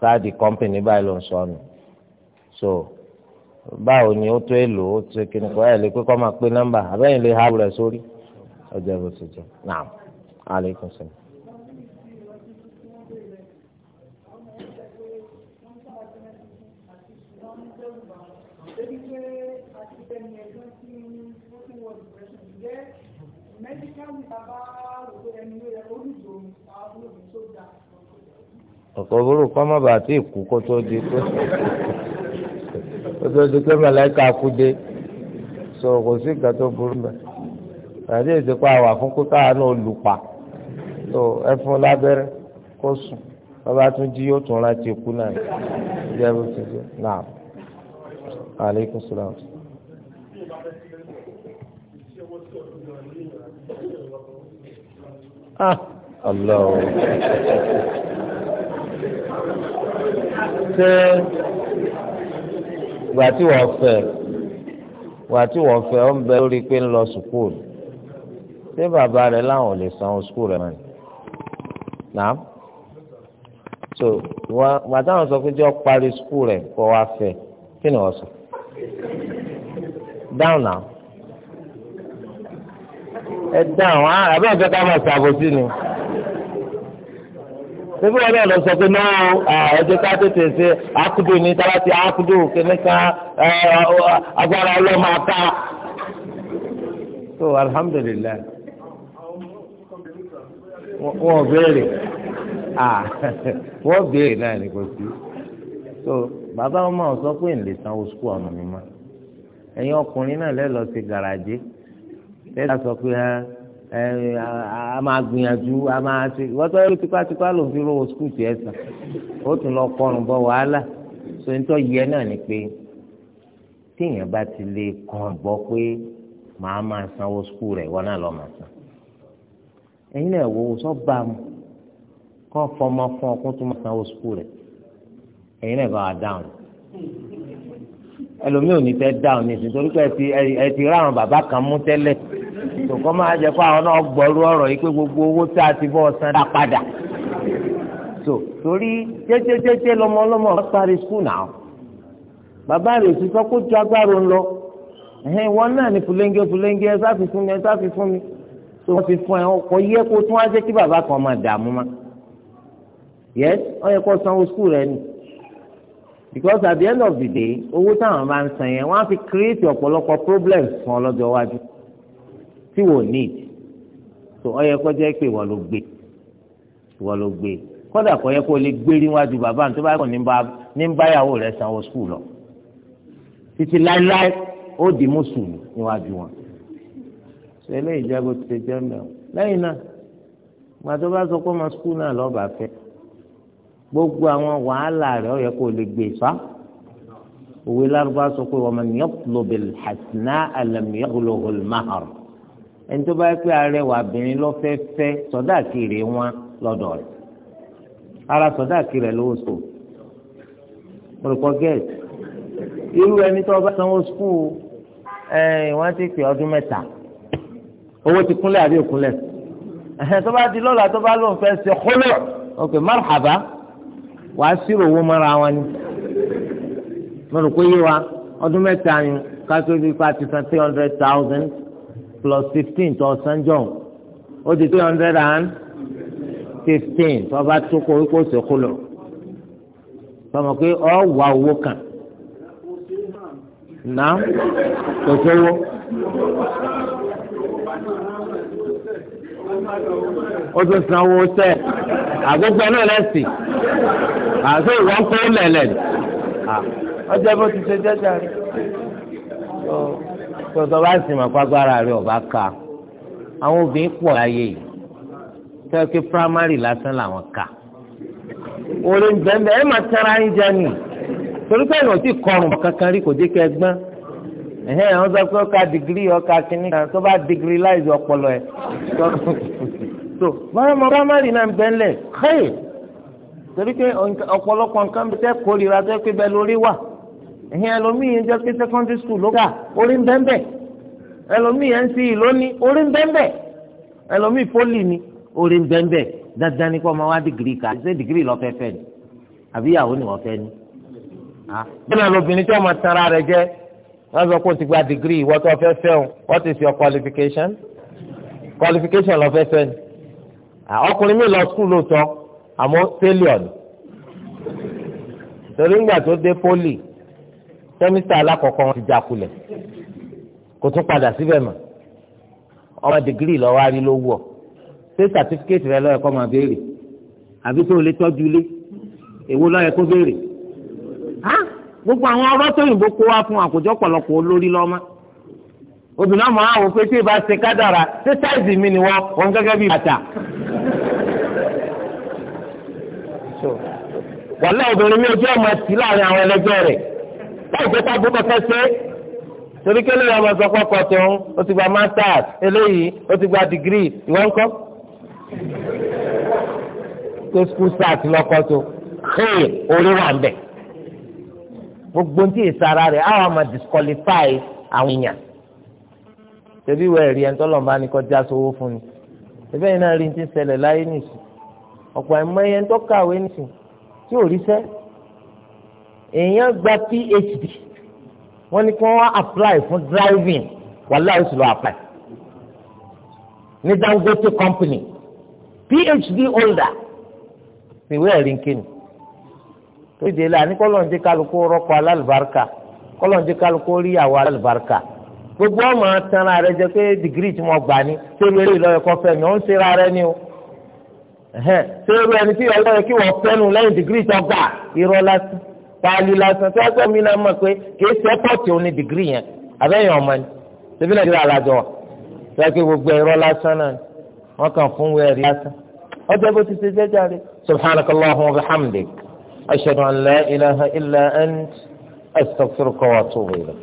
káàdì kọ́mpìnì báyìí ló ń sọ nù so báwo ni ó tó èlò ó tó kíni kọ́ ẹ̀ lè pé kọ́ máa pé nọ́mbà àbẹ́yìn lè ha rẹ̀ sórí ọjọ́ ìbùsùn jù náà alaikum salaam. ọ̀pọ̀ burú kọ́ má bàa tí kú kó tó di pé kó tó di pé màláìka kú dé so kò sí nǹkan tó burú mẹ́ tàbí ìsìnkú àwà fún kó káà náà lù pa so ẹ fún lábẹ́rẹ́ kó sùn bàbá tún jí yóò tún rántí kú náà ìjẹ́ bó ti jẹ́ náà aleykum salaam. ah allah ṣé ìgbà tí wọ́n fẹ́ ìgbà tí wọ́n fẹ́ ó ń bẹ lórí pé ń lọ sùkúl ṣé bàbá rẹ̀ láwọn ò lè san sùkúl rẹ̀ mọ́ni nàá so ìgbà táwọn sọ pé jọ parí sùkúl rẹ̀ kọ́ wá fẹ́ kí ni wọ́n sọ dáhùn náà ẹ dáhùn àbẹ́ ìfẹ́ ká máa ṣàbòsí ni síbí wọn náà lọ sọ pé náà ẹjẹ ká tètè ṣe àkúdù ní tàbá ti àkúdù kìnnìkan agbára ọlọ́mọ ata. so alhamdulilayi wọn ò béèrè wọn ò béèrè náà ní kò sí so bàbá ọmọ ò sọ pé ǹlẹ̀ sanwó sukùl ọmọ mi mọ́ ẹ̀yin ọkùnrin náà lẹ́ lọ sí gàràjì lẹ́yìn sọ pé ẹ́ a máa gbìyànjú a máa ṣe wọ́n tọ́ yẹ́rù tipátipá ló fi rówó skul tiẹ̀ sàn ó tún lọ kọrùn bọ wàhálà so ń tọ́ yẹ náà ni pé téèyàn bá ti lè kọrùn bọ pé màá máa sanwó skul rẹ̀ wọ́n náà lọ́ọ́ máa san ẹ̀yin náà wò ó a mu kọ́ fọmọ fún ọkùnrin tó máa sanwó skul rẹ̀ ẹ̀yin náà bá wa dáhùn ẹlòmíì ò ní fẹ́ dáhùn ní ìsìn torí pé ẹ ti ẹ ti ráhùn bàbá kan mú tẹ́lẹ̀ tòkọ́ máa jẹ́ pé àwọn náà gbọ́rú ọ̀rọ̀ yìí pé gbogbo owó tá a ti bọ́ ọ̀sán dá padà so torí jẹ́jẹ́jẹ́jẹ́ lọ́mọlọ́mọ ọ̀ sáré skul náà bàbá rẹ̀ ti sọ kó ju agbára ń lọ ẹ̀hìn wọn náà ní fúlẹ́ńgẹ́ fúlẹ́ńgẹ́ ẹ sáfi fún mi ẹ sáfi fún mi tó wọ́n ti fún ẹ ọkọ̀ yẹ kó tún wá jẹ́ kí bàbá kan máa dààmú ma yẹ ọ yẹ kó sanwó skul rẹ ni because at the end of the day owó táwọn máa ń san yẹn wọ́n á fi create ọ̀pọ̀lọpọ̀ problems fún ọ lọ́jọ́ iwájú tí wò ní tó ọ yẹ kó jẹ́ pé ìwọ ló gbé ìwọ ló gbé kódà kó yẹ kó lè gbé níwájú bàbá mi tó bá kọ ní ń báyàwó rẹ̀ sanwó skul lọ títí láéláé ó di mùsùlùmí níwájú wọn ṣe eléyìí jẹ́ bó ti ṣe jẹ́ mẹ́wọ̀n lẹ́yìn náà gbàtọ́ bá sọ pé ọmọ skul náà lọ́ọ́ bá gbogbo àwọn wàhálà rẹ̀ ó yẹ kó lè gbé fa òwe lárúbá sọ pé wa man yatlubil hasana lam yaghlul mahar ẹni tó bá yẹ pé arẹwà obìnrin lọ fẹ́ fẹ́ sọdáàkì rẹ̀ wọn lọ́dọ̀ rẹ̀ ara sọdáàkì rẹ̀ lówó so orúkọ gẹ̀ẹ́sì irú ẹni tó bá sanwó skul ẹ wọ́n ti pè ọdún mẹ́ta owó ti kúnlẹ̀ àbí òkúnlẹ̀ tó bá di lọ́la tó bá lóun fẹ́ ṣe kólọ̀ ok marhaba wàá sírò owó mọ́ra wọn ni mo rò pé yé wa ọdún mẹ́ta ni ká tó di pa ti san three hundred thousand plus fifteen tó sanjọ́ ó di three hundred and fifteen tó bá tó kó kó sèkú lọ sọmọ pé ọ wà owó kan náà kò sówó ó tún sanwó sẹ àgbégbé náà lẹsìn àti ìwọ ń kó lẹlẹ ọjọ́ bó ti ṣe jẹjẹrẹ tọ́tọ́ bá sì mọ̀ pàgbára rẹ̀ ọ̀bá ka àwọn obìnrin pọ̀ láyé yìí tẹ́ kí primary lásán làwọn kà orí ń bẹ́ẹ̀ ẹ̀ máa tẹ́ra ń jẹ nù torí pé ìwọ̀n ti kọrùn kankan rí kò dé kẹ́ gbọ́n ẹ̀hẹ́n àwọn sọ pé ọkà dìgírí ọkà kìíní kan tó bá dìgírí láìsí ọpọlọ ẹ̀ tó báyọ̀ mọ primary náà bẹ́ẹ̀ lẹ̀ kéè torí pé ọ̀pọ̀lọpọ̀ nǹkan tẹ́ kórìíra tẹ́ pé bẹ́ẹ̀ lórí wà ẹ̀hìn ẹlòmíì yẹn jẹ́ pé secondary school ló kà orí ń bẹ́ńbẹ́ ẹlòmíì yẹn ń sí ìlú ní orí ń bẹ́ńbẹ́ ẹlòmíì pólì ni orí ń bẹ́ńbẹ́ dandan ni kó máa wá dìgírì ká ṣé dìgírì lọ́ọ́ fẹ́ fẹ́ ni àbí ìyàwó ni wọ́n fẹ́ ni. bẹ́ẹ̀ ni obìnrin tí wọ́n máa tanra rẹ̀ jẹ́ wọ́n sọ pé o ti gba dìgírì ìwọ tó fẹ́ fẹ́ o what is your qualification qualification lọ́ọ́ fẹ́ fẹ́ ni. ọkùnrin mi lọ skul lóòótọ́ àmọ́ failure ni torí ńgbà tó dé pólì sẹ́mísítà alákọ̀ọ́kọ́ wọn ti já kulẹ̀ kò tún padà síbẹ̀ mọ́ ọmọ dìgírì lọ́wọ́ arí ló wọ̀ ṣé sàtífíkẹ́tì rẹ lọ́yẹ̀ kọ́ máa béèrè àbí tó lè tọ́jú ilé èwo lọ́yẹ̀ kó béèrè á gbogbo àwọn ọ̀rọ̀ tóyìnbó kó wá fún àkójọ pọ̀lọpọ̀ olórí lọ́mọ obìnrin àmọ́ àwọn òfin tí ìbá ṣe kádàrà ṣé sáìzì mi ni wọ́n òun gẹ́gẹ́ bí bàtà wàlẹ́ obìnrin mi ojú ọmọ ẹtì láàrin àwọn ẹlẹgbẹ́ rẹ̀ láì jẹ́ ká gbọ́dọ̀ fẹ́ ṣe torí kí eléyìí ọmọ sọpọ kọtọ ń o ti gba masters eléyìí o ti gba degree ìwọ ńkọ́ tó school start lọkọtọ xèè orí wà ń bẹ gbogbo ntí ìsara rẹ àwọn ọmọ disqualify àwọn èèyàn tẹbi ìwé ẹ̀rí ẹni tọ́lọ̀ bá ní kọjá sówó fún ni tẹbi ẹ̀yin náà rí ti ṣẹlẹ̀ láyé nìsí ọ̀pọ̀ ẹ̀mọ́ ẹ̀yẹn tó kàwé nìsí tí ò ríṣẹ́ èèyàn gba phd wọ́n ní kí wọ́n wá apply fún driving wàhálà oṣù lọ apply ní Dangote company phd holder ìwé ẹ̀rí nkíni tó dé la ní kọ́lọ́ọ̀dé kálukú rọ́pò alálùbáríkà kọ́lọ́ọ̀dé kálukú rí àwọn alálùbáríkà gbogbo ọmọ tanra rẹ jẹ pé dìgírì tí mo gbà ní sẹ́rù eré ìlọ́yọ̀ kọ́ fẹ́ mi ó ń ṣe ara rẹ ni o sẹ́rù ẹni tí ìyá ìlọ́yọ̀ kí wọ́n fẹ́ nu lẹ́yìn dìgírì tó gbà irọ́ lásán paali lásán tí wọ́n gbọ́ mi náà mọ̀ pé kìí ṣe ẹ́pọ̀tì òun ní dìgírì yẹn abẹ́yẹn ọmọ ni ṣẹbi náà dìrà alájọ wa tí wọ́n pe gbogbo ẹ̀rọ lásán náà wọ́n kàn fún wẹ́ẹ̀rì lásán ọjọ́ bó ti ṣe jẹ́ jáde. subhanakallahumma wa bihamdik ashhadu an la ilaha illa ant astaghfiruka wa atubu ilayk.